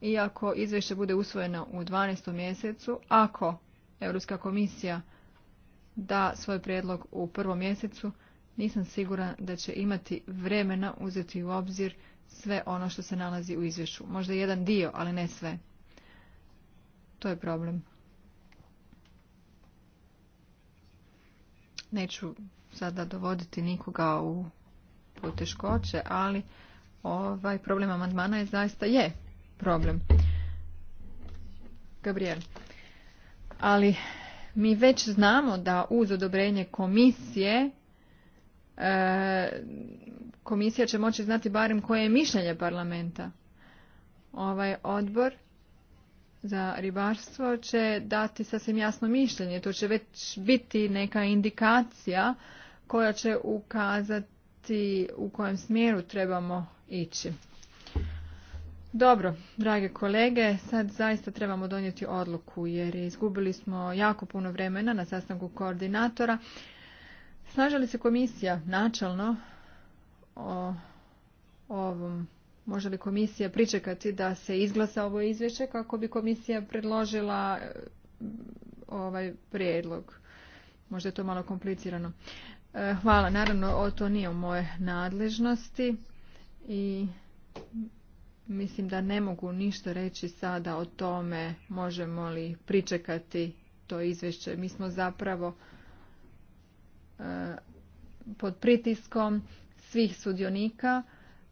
Iako izvješće bude usvojeno u 12. mjesecu, ako Europska komisija da svoj prijedlog u prvom mjesecu, nisam sigura da će imati vremena uzeti u obzir sve ono što se nalazi u izvješću. Možda jedan dio, ali ne sve. To je problem. Neću sada dovoditi nikoga u poteškoće, ali ovaj problem amandmana je zaista je problem. Gabriel. Ali mi već znamo da uz odobrenje komisije e, komisija će moći znati barem koje je mišljenje parlamenta. Ovaj odbor za ribarstvo će dati sasvim jasno mišljenje. To će već biti neka indikacija koja će ukazati u kojem smjeru trebamo ići. Dobro, drage kolege, sad zaista trebamo donijeti odluku jer izgubili smo jako puno vremena na sastanku koordinatora. Snaža li se komisija načalno o ovom Može li komisija pričekati da se izglasa ovo izvješće kako bi komisija predložila e, ovaj prijedlog? Možda je to malo komplicirano. E, hvala. Naravno, o to nije u moje nadležnosti i mislim da ne mogu ništa reći sada o tome možemo li pričekati to izvješće. Mi smo zapravo e, pod pritiskom svih sudionika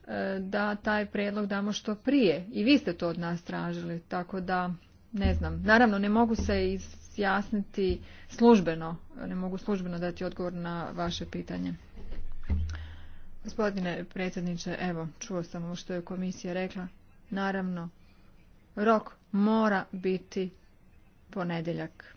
E, da taj prijedlog damo što prije. I vi ste to od nas tražili, tako da ne znam. Naravno, ne mogu se izjasniti službeno, ne mogu službeno dati odgovor na vaše pitanje. Gospodine predsjedniče, evo, čuo sam ovo što je komisija rekla. Naravno, rok mora biti ponedjeljak.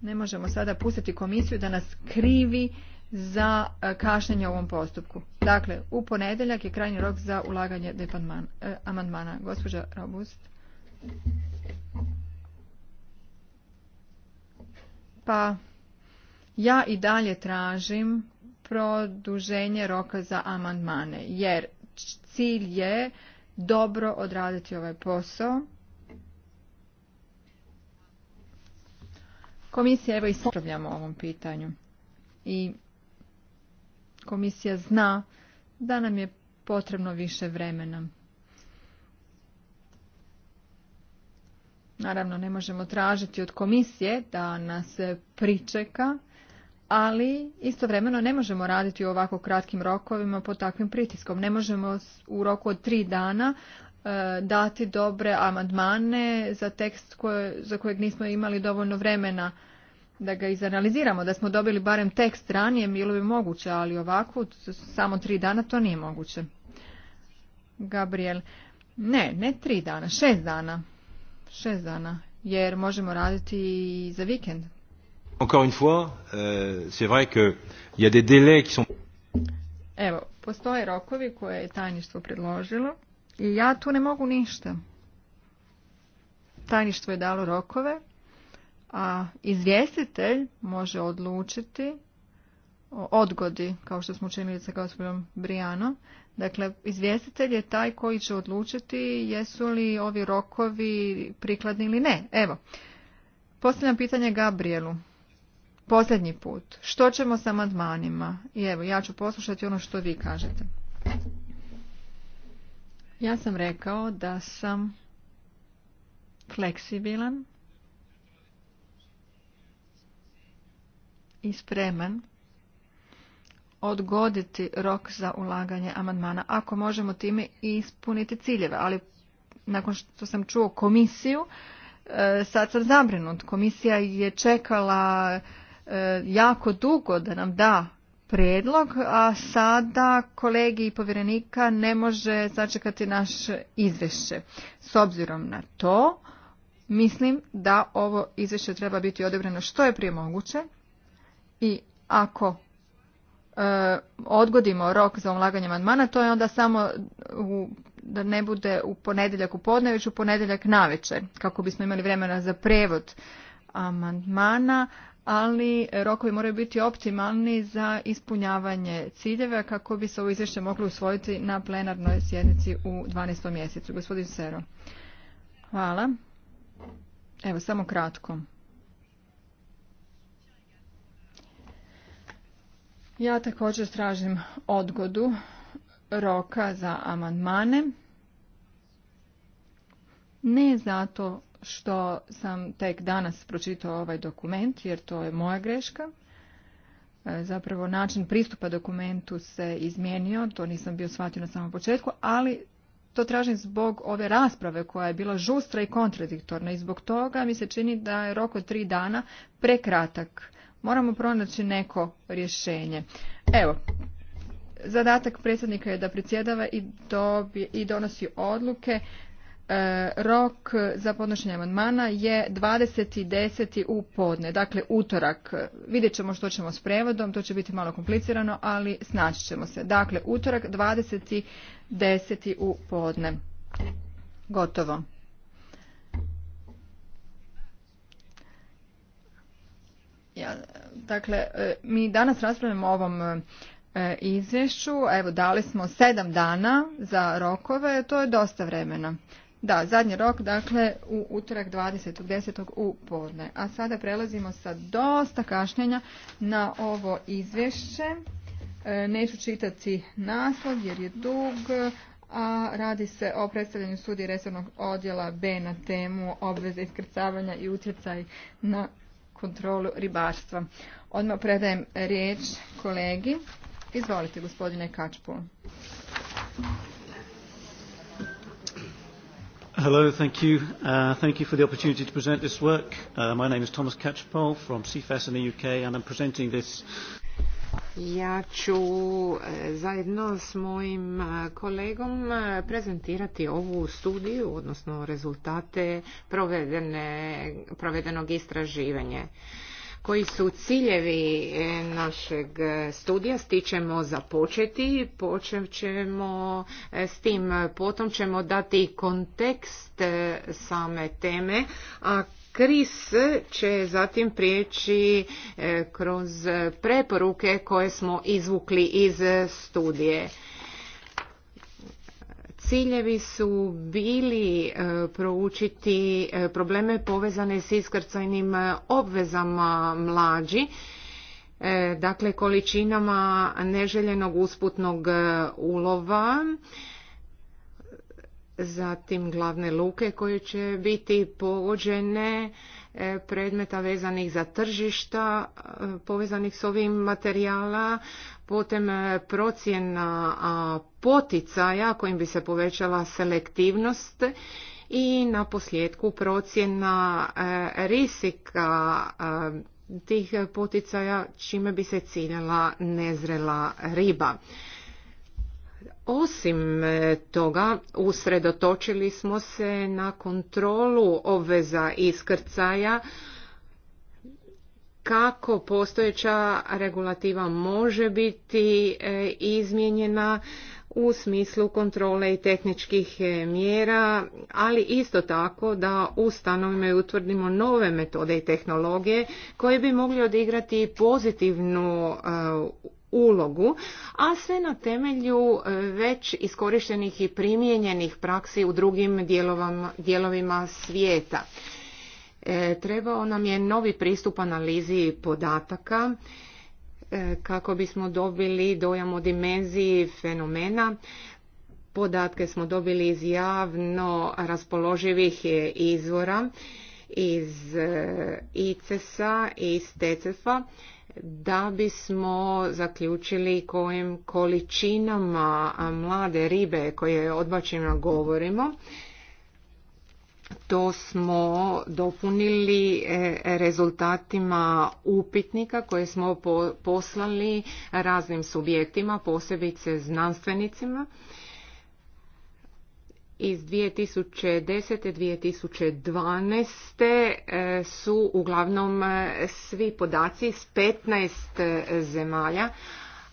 Ne možemo sada pustiti komisiju da nas krivi za e, kašnjenje u ovom postupku. Dakle, u ponedjeljak je krajnji rok za ulaganje e, amandmana. Gospođa Robust. Pa ja i dalje tražim produženje roka za amandmane, jer cilj je dobro odraditi ovaj posao. Komisija, evo, ispravljamo o ovom pitanju. I komisija zna da nam je potrebno više vremena. Naravno, ne možemo tražiti od komisije da nas pričeka, ali istovremeno ne možemo raditi u ovako kratkim rokovima pod takvim pritiskom. Ne možemo u roku od tri dana e, dati dobre amandmane za tekst za kojeg nismo imali dovoljno vremena da ga izanaliziramo, da smo dobili barem tekst ranije, bilo bi moguće, ali ovako, samo tri dana, to nije moguće. Gabriel, ne, ne tri dana, šest dana. Šest dana, jer možemo raditi i za vikend. Encore une fois, euh, c'est vrai que il y a des délais qui sont... Evo, postoje rokovi koje je tajništvo predložilo i ja tu ne mogu ništa. Tajništvo je dalo rokove, a izvjestitelj može odlučiti o odgodi, kao što smo učinili sa gospodinom Brijano. Dakle, izvjestitelj je taj koji će odlučiti jesu li ovi rokovi prikladni ili ne. Evo, postavljam pitanje Gabrielu. Posljednji put. Što ćemo sa amandmanima? I evo, ja ću poslušati ono što vi kažete. Ja sam rekao da sam fleksibilan i spreman odgoditi rok za ulaganje amandmana ako možemo time ispuniti ciljeve ali nakon što sam čuo komisiju e, sad sam zabrinut komisija je čekala e, jako dugo da nam da predlog a sada kolegi i povjerenika ne može začekati naše izvješće s obzirom na to mislim da ovo izvješće treba biti odobreno što je prije moguće i ako e, odgodimo rok za ulaganje amandmana, to je onda samo da ne bude u ponedjeljak u podne, već u ponedjeljak navečer, kako bismo imali vremena za prevod amandmana, ali rokovi moraju biti optimalni za ispunjavanje ciljeva kako bi se ovo izvješće moglo usvojiti na plenarnoj sjednici u 12. mjesecu. Gospodin Sero. Hvala. Evo, samo kratko. Ja također stražim odgodu roka za amandmane. Ne zato što sam tek danas pročitao ovaj dokument, jer to je moja greška. E, zapravo način pristupa dokumentu se izmijenio, to nisam bio shvatio na samom početku, ali to tražim zbog ove rasprave koja je bila žustra i kontradiktorna i zbog toga mi se čini da je rok od tri dana prekratak Moramo pronaći neko rješenje. Evo, zadatak predsjednika je da predsjedava i, i donosi odluke. E, rok za podnošenje amandmana je 20.10. u podne, dakle utorak. Vidjet ćemo što ćemo s prevodom, to će biti malo komplicirano, ali snaći ćemo se. Dakle, utorak 20.10. u podne. Gotovo. Ja, dakle, e, mi danas raspravljamo o ovom e, izvješću. Evo, dali smo sedam dana za rokove, to je dosta vremena. Da, zadnji rok, dakle, u utorak 20.10. u podne. A sada prelazimo sa dosta kašnjenja na ovo izvješće. E, neću čitati naslov jer je dug, a radi se o predstavljanju sudi resornog odjela B na temu obveze iskrcavanja i utjecaj na kontrolu ribarstva. Odmah predajem riječ kolegi. Izvolite, gospodine Kačpul. Hello, thank you. Uh, thank you for the opportunity to present this work. Uh, my name is Thomas Catchpole from CFAS in the UK and I'm presenting this ja ću e, zajedno s mojim e, kolegom e, prezentirati ovu studiju, odnosno rezultate provedenog istraživanja. Koji su ciljevi našeg studija, stičemo započeti, počet ćemo s tim, potom ćemo dati kontekst same teme, a Kris će zatim prijeći e, kroz preporuke koje smo izvukli iz studije. Ciljevi su bili e, proučiti e, probleme povezane s iskrcajnim obvezama mlađi, dakle količinama neželjenog usputnog ulova, zatim glavne luke koje će biti pogođene e, predmeta vezanih za tržišta e, povezanih s ovim materijala, potem e, procjena poticaja kojim bi se povećala selektivnost i na posljedku procjena risika tih poticaja čime bi se ciljala nezrela riba osim e, toga usredotočili smo se na kontrolu obveza iskrcaja kako postojeća regulativa može biti e, izmijenjena u smislu kontrole i tehničkih e, mjera, ali isto tako da ustanovimo i utvrdimo nove metode i tehnologije koje bi mogli odigrati pozitivnu ulogu, a sve na temelju e, već iskorištenih i primijenjenih praksi u drugim dijelovima, svijeta. E, trebao nam je novi pristup analizi podataka e, kako bismo dobili dojam o dimenziji fenomena. Podatke smo dobili iz javno raspoloživih izvora, iz ICES-a, iz tcf a da bismo zaključili kojim količinama mlade ribe koje je govorimo. To smo dopunili e, rezultatima upitnika koje smo poslali raznim subjektima, posebice znanstvenicima iz 2010-2012 e, su uglavnom e, svi podaci iz 15 e, zemalja,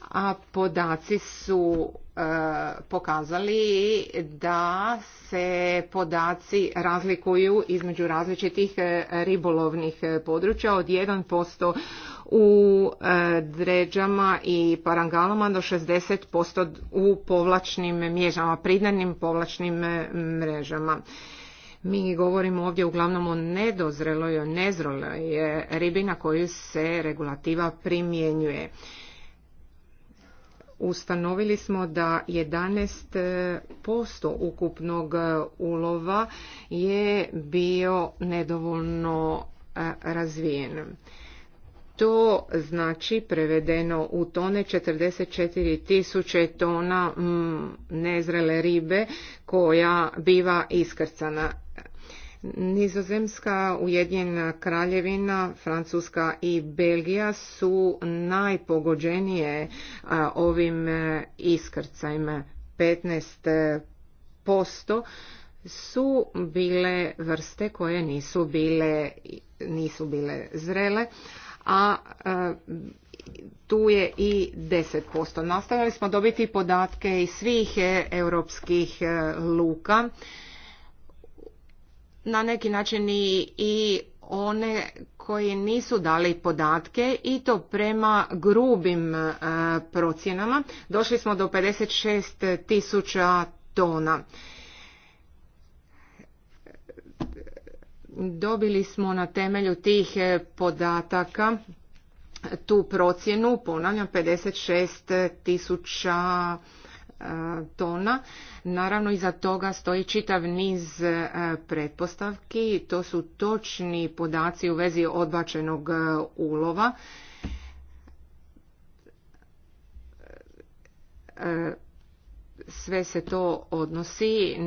a podaci su pokazali da se podaci razlikuju između različitih ribolovnih područja od 1% u e, dređama i parangalama do 60% u povlačnim mježama, pridanim povlačnim e, mrežama. Mi govorimo ovdje uglavnom o nedozreloj, o nezreloj e, ribi na koju se regulativa primjenjuje. Ustanovili smo da 11% ukupnog ulova je bio nedovoljno razvijen. To znači prevedeno u tone 44 tisuće tona mm, nezrele ribe koja biva iskrcana. Nizozemska, Ujedinjena kraljevina, Francuska i Belgija su najpogođenije ovim e, iskrcajima. 15% su bile vrste koje nisu bile, nisu bile zrele a e, tu je i 10%. Nastavili smo dobiti podatke iz svih e, europskih e, luka, na neki način i one koji nisu dali podatke i to prema grubim procjenama. Došli smo do 56 tisuća tona. Dobili smo na temelju tih e, podataka tu procjenu, ponavljam, 56 tisuća e, tona. Naravno, iza toga stoji čitav niz e, pretpostavki. To su točni podaci u vezi odbačenog ulova sve se to odnosi e,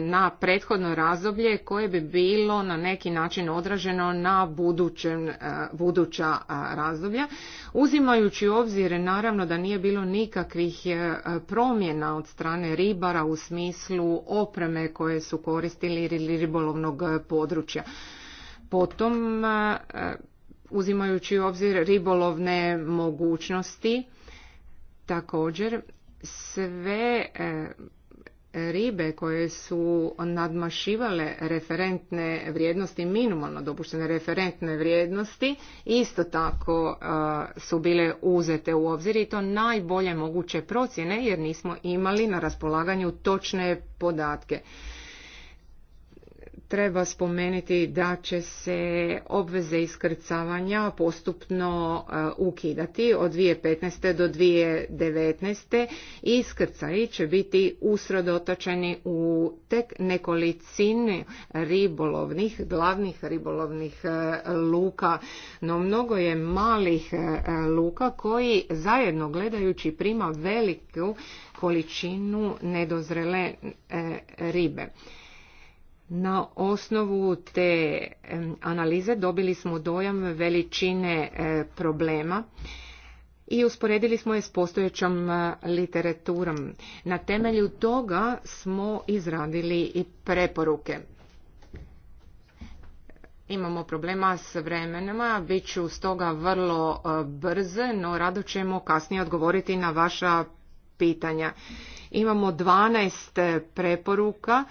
na prethodno razdoblje koje bi bilo na neki način odraženo na budućen, e, buduća razdoblja. Uzimajući u obzir naravno da nije bilo nikakvih e, promjena od strane ribara u smislu opreme koje su koristili ili ribolovnog područja. Potom uzimajući u obzir ribolovne mogućnosti također sve e, ribe koje su nadmašivale referentne vrijednosti, minimalno dopuštene referentne vrijednosti, isto tako e, su bile uzete u obzir i to najbolje moguće procjene jer nismo imali na raspolaganju točne podatke treba spomenuti da će se obveze iskrcavanja postupno e, ukidati od 2015. do 2019. iskrcaji će biti usredotočeni u tek nekolicini ribolovnih, glavnih ribolovnih e, luka, no mnogo je malih e, luka koji zajedno gledajući prima veliku količinu nedozrele ribe. Na osnovu te analize dobili smo dojam veličine e, problema i usporedili smo je s postojećom e, literaturom. Na temelju toga smo izradili i preporuke. Imamo problema s vremenama, bit ću stoga vrlo e, brze, no rado ćemo kasnije odgovoriti na vaša pitanja. Imamo 12 preporuka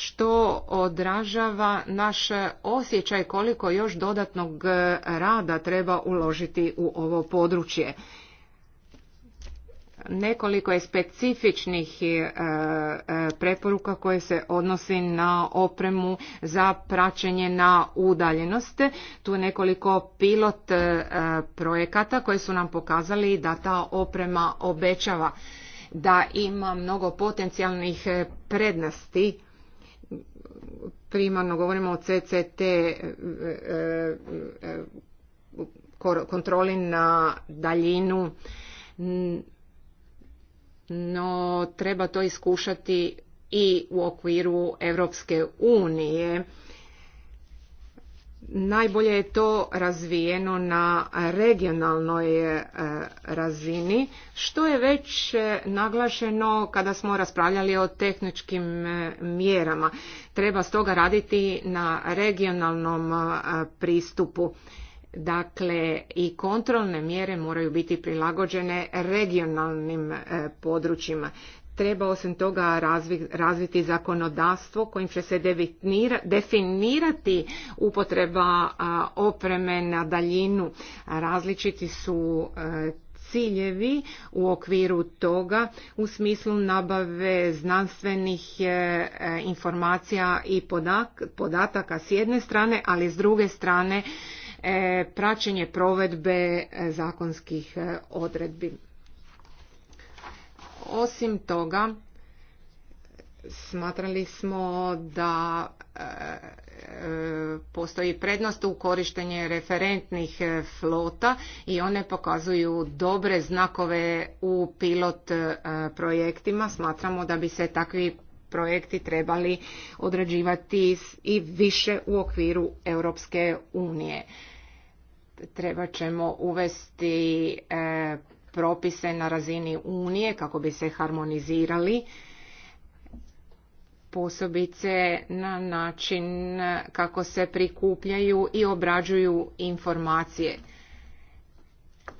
što odražava naš osjećaj koliko još dodatnog rada treba uložiti u ovo područje. Nekoliko je specifičnih e, preporuka koje se odnosi na opremu za praćenje na udaljenosti. Tu je nekoliko pilot e, projekata koji su nam pokazali da ta oprema obećava da ima mnogo potencijalnih prednosti primarno govorimo o CCT e, e, e, kontroli na daljinu, no treba to iskušati i u okviru Europske unije najbolje je to razvijeno na regionalnoj e, razini, što je već e, naglašeno kada smo raspravljali o tehničkim e, mjerama. Treba stoga raditi na regionalnom pristupu. Dakle, i kontrolne mjere moraju biti prilagođene regionalnim područjima treba osim toga razviti zakonodavstvo kojim će se definirati upotreba opreme na daljinu. Različiti su e, ciljevi u okviru toga u smislu nabave znanstvenih e, e, informacija i podataka s jedne strane, ali s druge strane praćenje provedbe zakonskih odredbi. Osim toga, smatrali smo da e, e, postoji prednost u korištenje referentnih e, flota i one pokazuju dobre znakove u pilot projektima. Smatramo da bi se takvi projekti trebali odrađivati i više u okviru Europske unije. Treba ćemo uvesti propise na razini Unije kako bi se harmonizirali posebice na način kako se prikupljaju i obrađuju informacije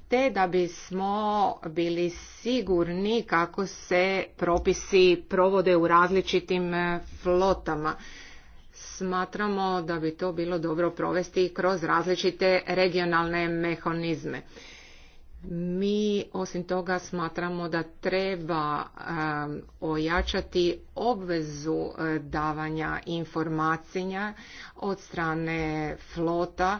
te da bismo bili sigurni kako se propisi provode u različitim e, flotama smatramo da bi to bilo dobro provesti kroz različite regionalne mehanizme mi osim toga smatramo da treba ojačati obvezu e, davanja informacija od strane flota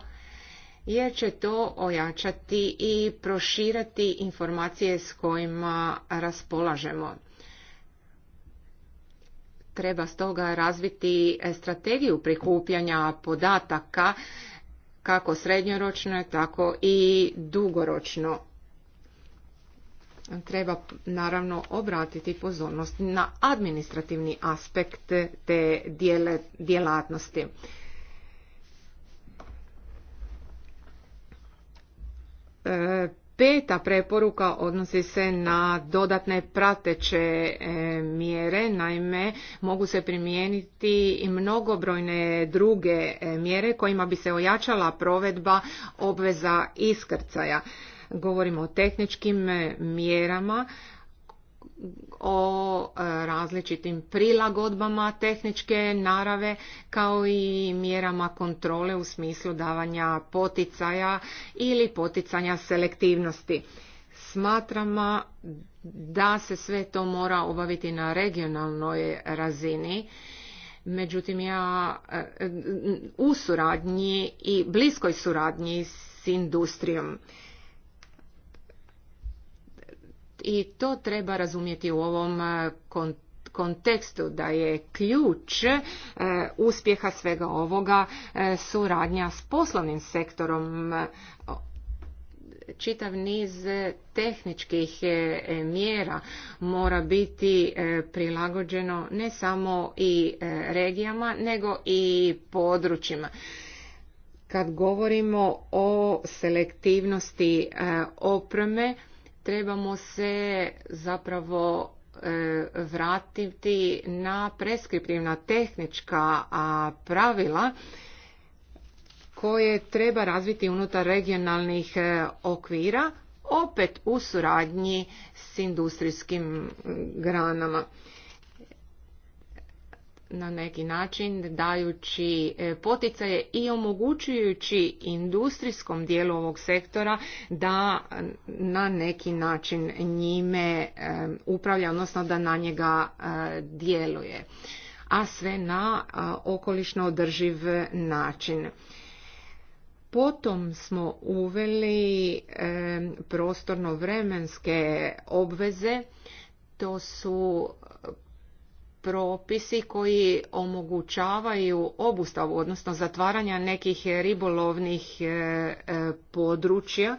jer će to ojačati i proširati informacije s kojima raspolažemo. Treba stoga razviti strategiju prikupljanja podataka kako srednjoročno, tako i dugoročno treba naravno obratiti pozornost na administrativni aspekt te dijele, djelatnosti. E, peta preporuka odnosi se na dodatne prateće e, mjere, naime mogu se primijeniti i mnogobrojne druge e, mjere kojima bi se ojačala provedba obveza iskrcaja. Govorimo o tehničkim e, mjerama, o e, različitim prilagodbama tehničke narave kao i mjerama kontrole u smislu davanja poticaja ili poticanja selektivnosti. Smatramo da se sve to mora obaviti na regionalnoj razini. Međutim, ja e, u suradnji i bliskoj suradnji s industrijom i to treba razumjeti u ovom e, kontekstu da je ključ e, uspjeha svega ovoga e, suradnja s poslovnim sektorom čitav niz tehničkih mjera mora biti prilagođeno ne samo i regijama nego i područjima kad govorimo o selektivnosti opreme trebamo se zapravo e, vratiti na preskriptivna tehnička pravila koje treba razviti unutar regionalnih e, okvira opet u suradnji s industrijskim granama na neki način dajući e, poticaje i omogućujući industrijskom dijelu ovog sektora da na neki način njime e, upravlja, odnosno da na njega e, djeluje, a sve na okolišno održiv način. Potom smo uveli prostorno vremenske obveze to su propisi koji omogućavaju obustavu, odnosno zatvaranja nekih ribolovnih e, e, područja.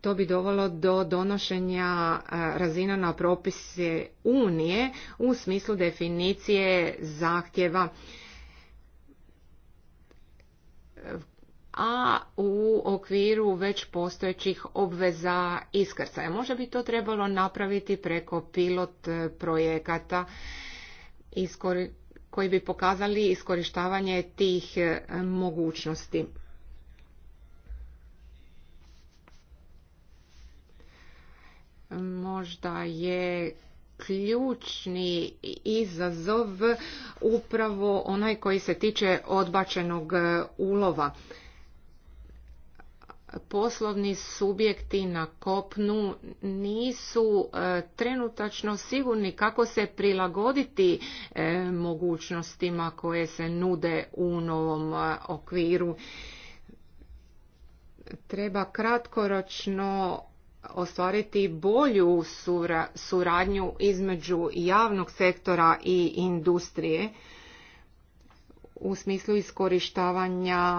To bi dovelo do donošenja e, razina na propise Unije u smislu definicije zahtjeva a u okviru već postojećih obveza iskrcaja. Možda bi to trebalo napraviti preko pilot projekata koji bi pokazali iskorištavanje tih e, mogućnosti. Možda je ključni izazov upravo onaj koji se tiče odbačenog e, ulova poslovni subjekti na kopnu nisu e, trenutačno sigurni kako se prilagoditi e, mogućnostima koje se nude u novom e, okviru. Treba kratkoročno ostvariti bolju suradnju između javnog sektora i industrije u smislu iskorištavanja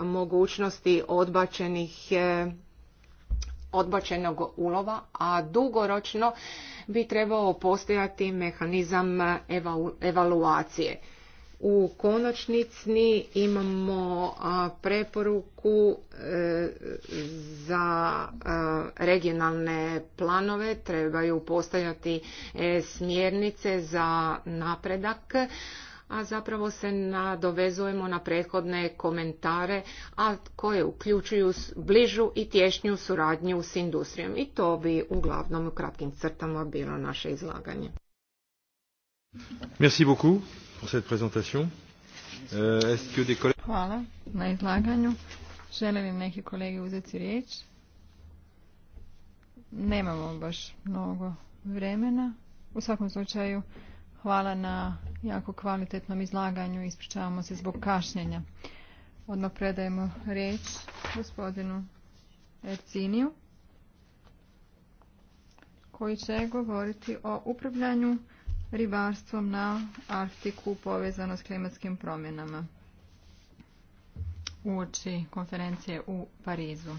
mogućnosti odbačenih e, odbačenog ulova, a dugoročno bi trebao postojati mehanizam evaluacije. U konačnici imamo preporuku e, za regionalne planove, trebaju postojati e, smjernice za napredak, a zapravo se nadovezujemo na prethodne komentare, a koje uključuju bližu i tješnju suradnju s industrijom. I to bi uglavnom u kratkim crtama bilo naše izlaganje. Merci beaucoup pour cette présentation. Euh, Hvala na izlaganju. Žele li neki kolege uzeti riječ? Nemamo baš mnogo vremena. U svakom slučaju Hvala na jako kvalitetnom izlaganju. Ispričavamo se zbog kašnjenja. Odmah predajemo riječ gospodinu Erciniju koji će govoriti o upravljanju ribarstvom na Arktiku povezano s klimatskim promjenama oči konferencije u Parizu.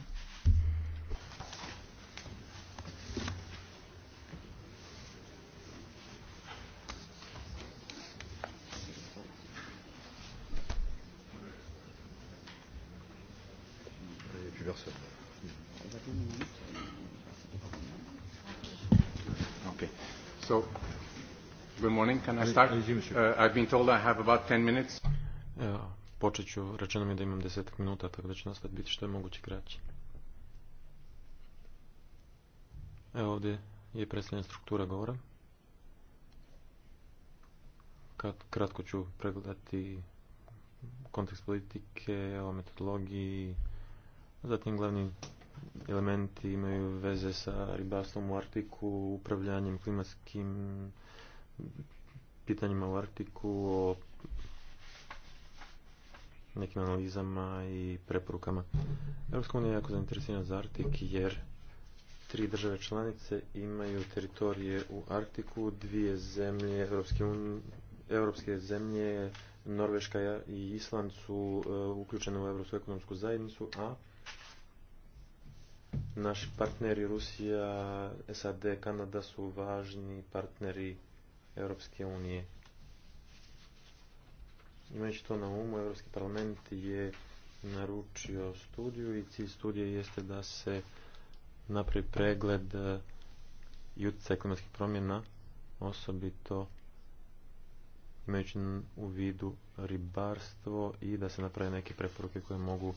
Uh, I've been told I have about 10 minutes. počet ću, rečeno mi da imam desetak minuta, tako da će nastat biti što je moguće kraći. Evo ovdje je predstavljena struktura govora. Kratko ću pregledati kontekst politike, o metodologiji, zatim glavni elementi imaju veze sa ribarstvom u Artiku, upravljanjem klimatskim pitanjima u Arktiku, o nekim analizama i preporukama. Europska unija je jako zainteresirana za Arktik jer tri države članice imaju teritorije u Arktiku, dvije zemlje Europske, Europske zemlje, Norveška i Island su e, uključene u Europsku ekonomsku zajednicu, a naši partneri Rusija, SAD, Kanada su važni partneri Europske unije. Imajući to na umu, Europski parlament je naručio studiju i cilj studije jeste da se napravi pregled jutica e, klimatskih promjena, osobito imajući u vidu ribarstvo i da se naprave neke preporuke koje mogu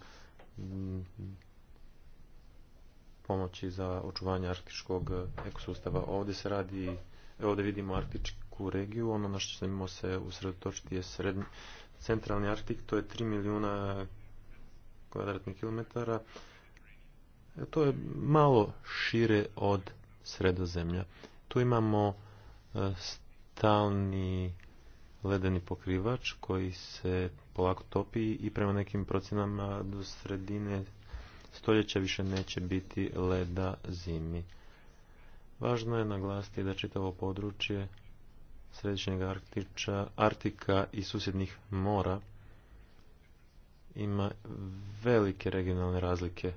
pomoći za očuvanje arktičkog e, ekosustava. Ovdje se radi, ovdje vidimo arktički u regiju. Ono na što ćemo se usredotočiti je srednji, centralni Arktik, to je 3 milijuna kvadratnih kilometara. E, to je malo šire od sredozemlja. Tu imamo e, stalni ledeni pokrivač koji se polako topi i prema nekim procenama do sredine stoljeća više neće biti leda zimi. Važno je naglasiti da čitavo područje središnjeg Arktiča, Artika i susjednih mora ima velike regionalne razlike.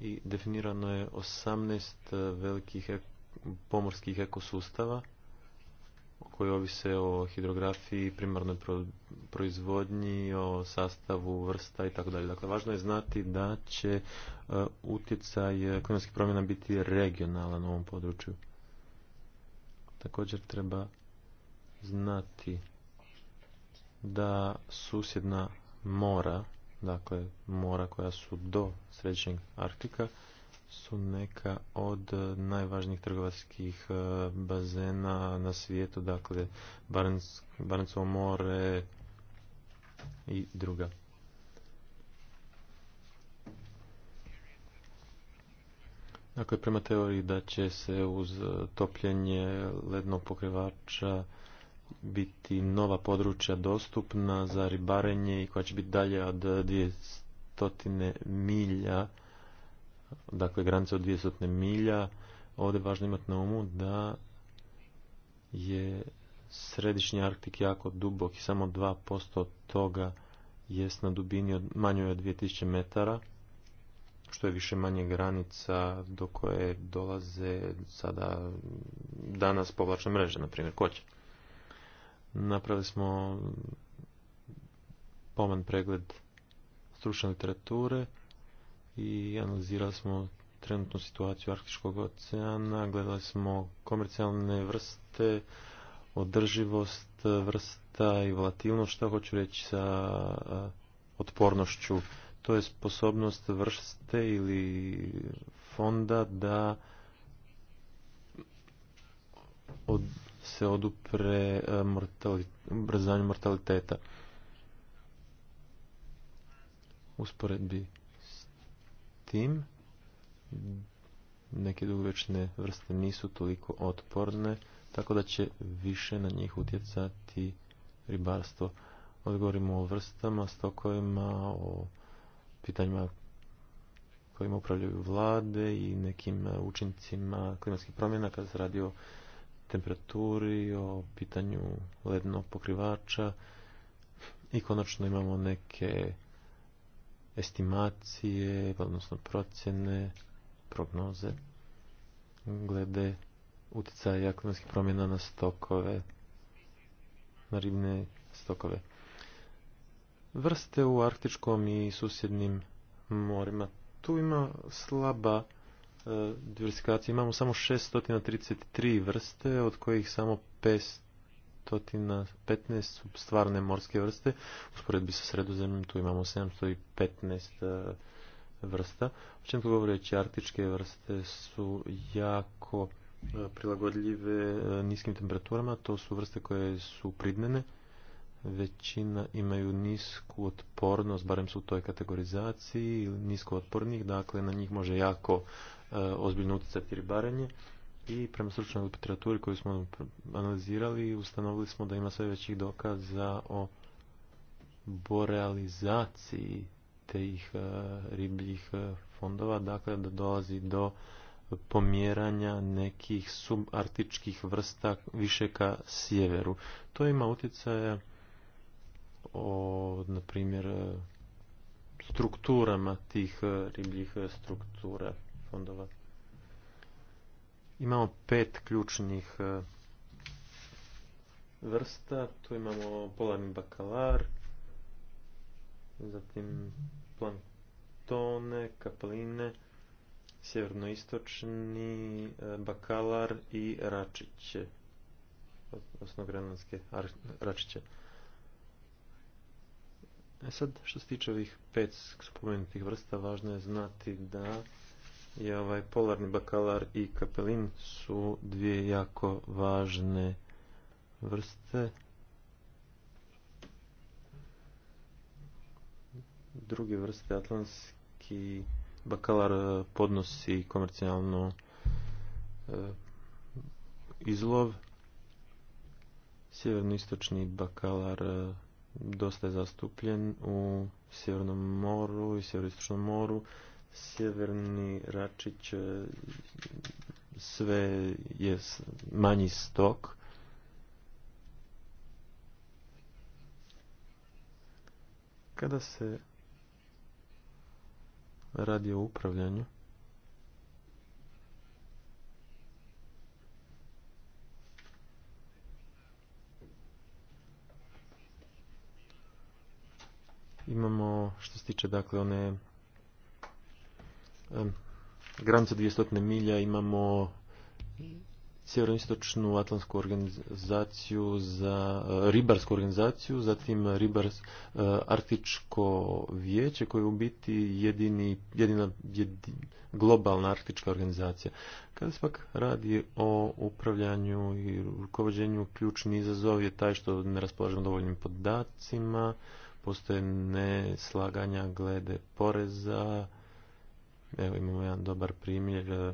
I definirano je 18 velikih pomorskih ekosustava koji ovise o hidrografiji, primarnoj proizvodnji, o sastavu vrsta i tako dalje. Dakle, važno je znati da će e, utjecaj e, klimatskih promjena biti regionalan u ovom području. Također treba znati da susjedna mora, dakle mora koja su do srećnjeg Arktika, su neka od eh, najvažnijih trgovatskih eh, bazena na svijetu, dakle Barncovo more i druga. Dakle, prema teoriji da će se uz eh, topljenje lednog pokrivača biti nova područja dostupna za ribarenje i koja će biti dalje od 200 milja dakle granice od 200 milja, ovdje je važno imati na umu da je središnji Arktik jako dubok i samo 2% od toga jest na dubini od, manjoj od 2000 metara, što je više manje granica do koje dolaze sada danas povlačne mreže, na primjer koće. Napravili smo poman pregled stručne literature i analizirali smo trenutnu situaciju Arktičkog oceana, gledali smo komercijalne vrste, održivost vrsta i volatilnost, što hoću reći sa otpornošću. To je sposobnost vrste ili fonda da se odupre mortali, mortaliteta. Usporedbi tim neke dugovečne vrste nisu toliko otporne, tako da će više na njih utjecati ribarstvo. Odgovorimo o vrstama, stokovima, o pitanjima kojima upravljaju vlade i nekim e, učincima klimatskih promjena kad se radi o temperaturi, o pitanju lednog pokrivača i konačno imamo neke estimacije, odnosno procjene, prognoze glede utjecaja klimatskih promjena na stokove, na ribne stokove. Vrste u arktičkom i susjednim morima. Tu ima slaba e, diversifikacija. Imamo samo 633 vrste, od kojih samo 500 715 substvarne stvarne morske vrste. U sporedbi sa sredozemljem tu imamo 715 e, vrsta. to govoreći, znači, arktičke vrste su jako e, prilagodljive e, niskim temperaturama. To su vrste koje su pridnene. Većina imaju nisku otpornost, barem su u toj kategorizaciji, nisko otpornih, dakle na njih može jako ozbiljno utjecati ribarenje i prema stručnoj literaturi koju smo analizirali ustanovili smo da ima sve većih dokaza o borealizaciji tih e, ribljih e, fondova, dakle da dolazi do pomjeranja nekih subartičkih vrsta više ka sjeveru. To ima utjecaje o, na primjer, e, strukturama tih ribljih struktura fondova. Imamo pet ključnih e, vrsta. Tu imamo polarni bakalar, zatim plantone, kapline, sjevernoistočni e, bakalar i račiće, osnovgrananske račiće. E sad, što se tiče ovih pet spomenutih vrsta, važno je znati da i ovaj polarni bakalar i kapelin su dvije jako važne vrste. Druge vrste atlantski bakalar e, podnosi komercijalno e, izlov. Sjeverno-istočni bakalar e, dosta je zastupljen u Sjevernom moru i Sjeverno-istočnom moru sjeverni račić e, sve je manji stok. Kada se radi o upravljanju, imamo što se tiče dakle one granice 200 milja imamo sjeveroistočnu atlantsku organizaciju za e, ribarsku organizaciju, zatim ribars, e, artičko vijeće koje je u biti jedini, jedina jedin, globalna artička organizacija. Kada se pak radi o upravljanju i rukovođenju, ključni izazov je taj što ne raspolažemo dovoljnim podacima, postoje neslaganja glede poreza, Evo imamo jedan dobar primjer, e,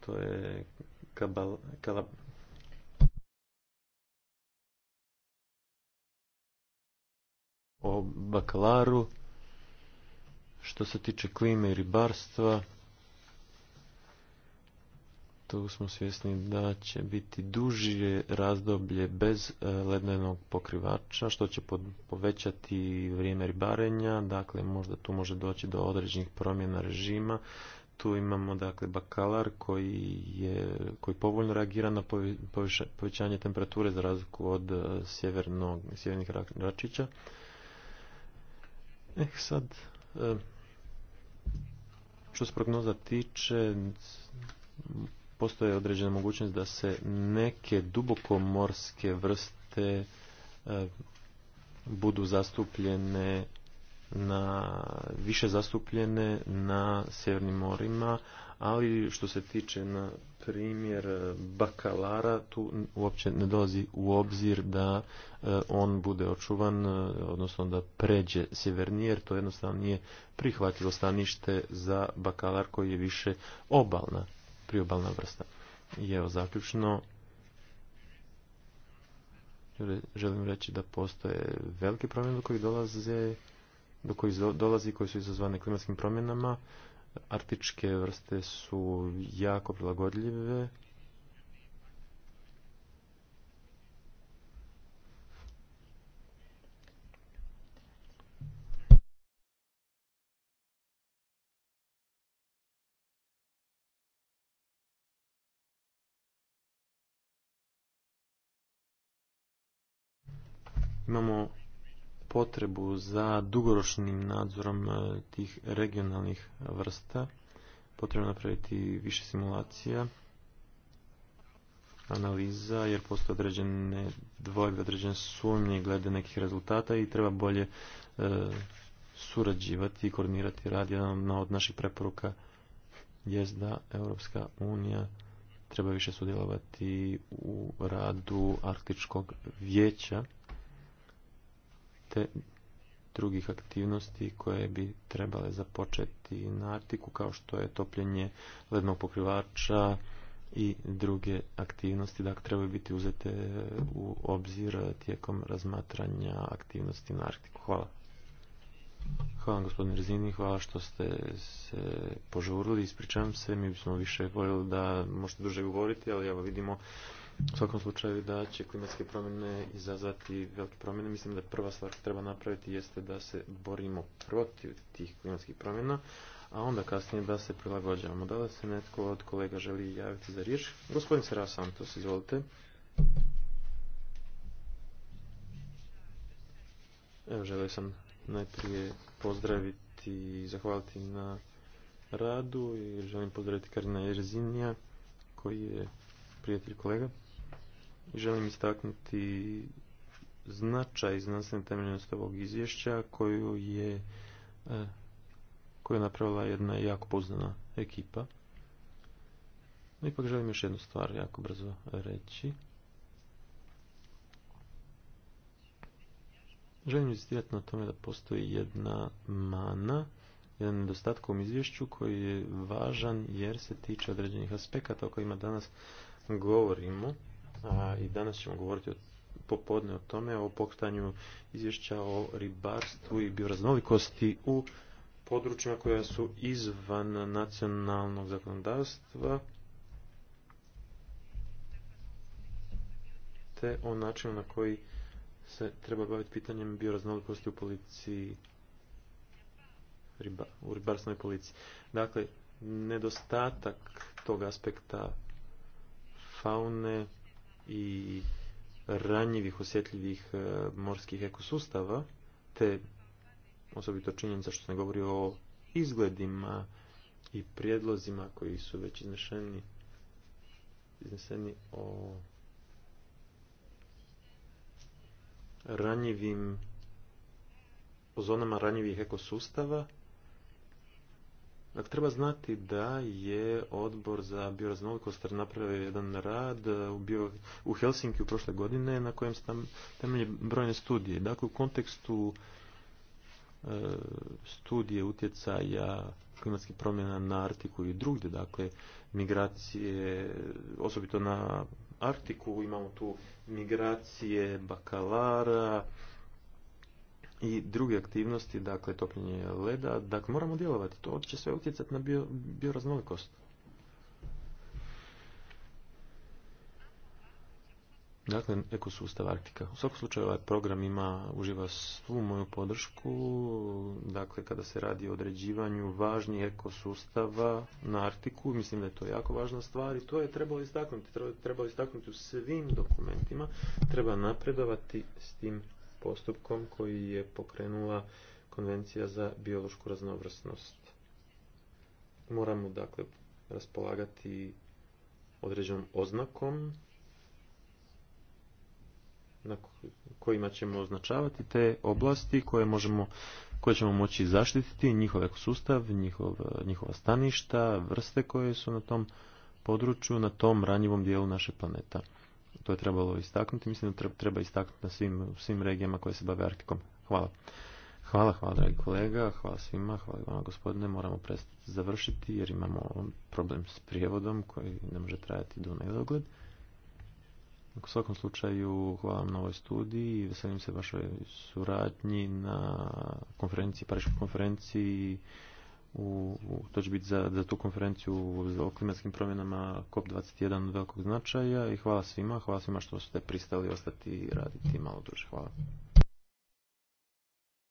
to je Kabal, o bakalaru. Što se tiče klime i ribarstva, tu smo svjesni da će biti dužije razdoblje bez e, ledenog pokrivača, što će povećati vrijeme ribarenja, dakle možda tu može doći do određenih promjena režima. Tu imamo dakle bakalar koji, je, koji povoljno reagira na povećanje temperature za razliku od e, sjevernog, sjevernih račića. Eh, sad, e, što se prognoza tiče, postoje određena mogućnost da se neke dubokomorske vrste e, budu zastupljene na više zastupljene na sjevernim morima, ali što se tiče na primjer bakalara, tu uopće ne dolazi u obzir da e, on bude očuvan, e, odnosno da pređe sjevernije, jer to jednostavno nije prihvatljivo stanište za bakalar koji je više obalna priobalna vrsta. I evo zaključno, želim reći da postoje velike promjene do kojih dolaze do kojih dolazi koji su izazvane klimatskim promjenama. Artičke vrste su jako prilagodljive imamo potrebu za dugoročnim nadzorom e, tih regionalnih vrsta. Potrebno napraviti više simulacija, analiza, jer postoje određene dvojbe, određene sumnje glede nekih rezultata i treba bolje e, surađivati i koordinirati rad. Jedna od naših preporuka je da Europska unija treba više sudjelovati u radu Arktičkog vijeća te drugih aktivnosti koje bi trebale započeti na Artiku, kao što je topljenje lednog pokrivača i druge aktivnosti, dakle trebaju biti uzete u obzir tijekom razmatranja aktivnosti na Arktiku. Hvala. Hvala gospodine Rezini, hvala što ste se požurili, ispričavam se, mi bismo više voljeli da možete duže govoriti, ali evo vidimo u svakom slučaju da će klimatske promjene izazvati velike promjene. Mislim da prva stvar koju treba napraviti jeste da se borimo protiv tih klimatskih promjena, a onda kasnije da se prilagođavamo. Da li se netko od kolega želi javiti za riječ? Gospodin Sera Santos, izvolite. Evo, želio sam najprije pozdraviti i zahvaliti na radu i želim pozdraviti Karina Jerzinija koji je prijatelj kolega želim istaknuti značaj znanstvene temeljenosti ovog izvješća koju je e, koju je napravila jedna jako poznana ekipa. No ipak želim još jednu stvar jako brzo reći. Želim izvjetiti na tome da postoji jedna mana, jedan nedostatak u izvješću koji je važan jer se tiče određenih aspekata o kojima danas govorimo a i danas ćemo govoriti o popodne o tome, o pokretanju izvješća o ribarstvu i bioraznolikosti u područjima koja su izvan nacionalnog zakonodavstva te o načinu na koji se treba baviti pitanjem bioraznolikosti u policiji u ribarstvenoj policiji. Dakle, nedostatak tog aspekta faune i ranjivih, osjetljivih e, morskih ekosustava, te osobito činjenica što se govori o izgledima i prijedlozima koji su već izneseni, izneseni o ranjivim o zonama ranjivih ekosustava Dakle, treba znati da je odbor za bioraznolikost napravio jedan rad eh, u, bio, u Helsinki u prošle godine na kojem se tam temelje brojne studije. Dakle, u kontekstu eh, studije utjecaja klimatskih promjena na Artiku i drugdje, dakle, migracije, osobito na Artiku, imamo tu migracije bakalara, i druge aktivnosti, dakle topljenje leda, dakle moramo djelovati, to će sve utjecati na bio, bioraznolikost. Dakle, ekosustav Arktika. U svakom slučaju ovaj program ima, uživa svu moju podršku, dakle kada se radi o određivanju važnijih ekosustava na Arktiku, mislim da je to jako važna stvar i to je trebalo istaknuti, trebalo istaknuti u svim dokumentima, treba napredovati s tim postupkom koji je pokrenula Konvencija za biološku raznovrsnost. Moramo dakle raspolagati određenom oznakom na kojima ćemo označavati te oblasti koje možemo koje ćemo moći zaštititi, njihov ekosustav, njihova staništa, vrste koje su na tom području, na tom ranjivom dijelu naše planeta to je trebalo istaknuti. Mislim da treba istaknuti na svim, svim regijama koje se bave arktikom. Hvala. Hvala, hvala dragi kolega, hvala svima, hvala vama gospodine. Moramo prestati završiti jer imamo problem s prijevodom koji ne može trajati do nedogled. U svakom slučaju hvala vam na ovoj studiji i veselim se vašoj suradnji na konferenciji, Pariškoj konferenciji u, to će biti za, za tu konferenciju o klimatskim promjenama COP21 velikog značaja i hvala svima, hvala svima što ste pristali ostati i raditi malo duže. Hvala.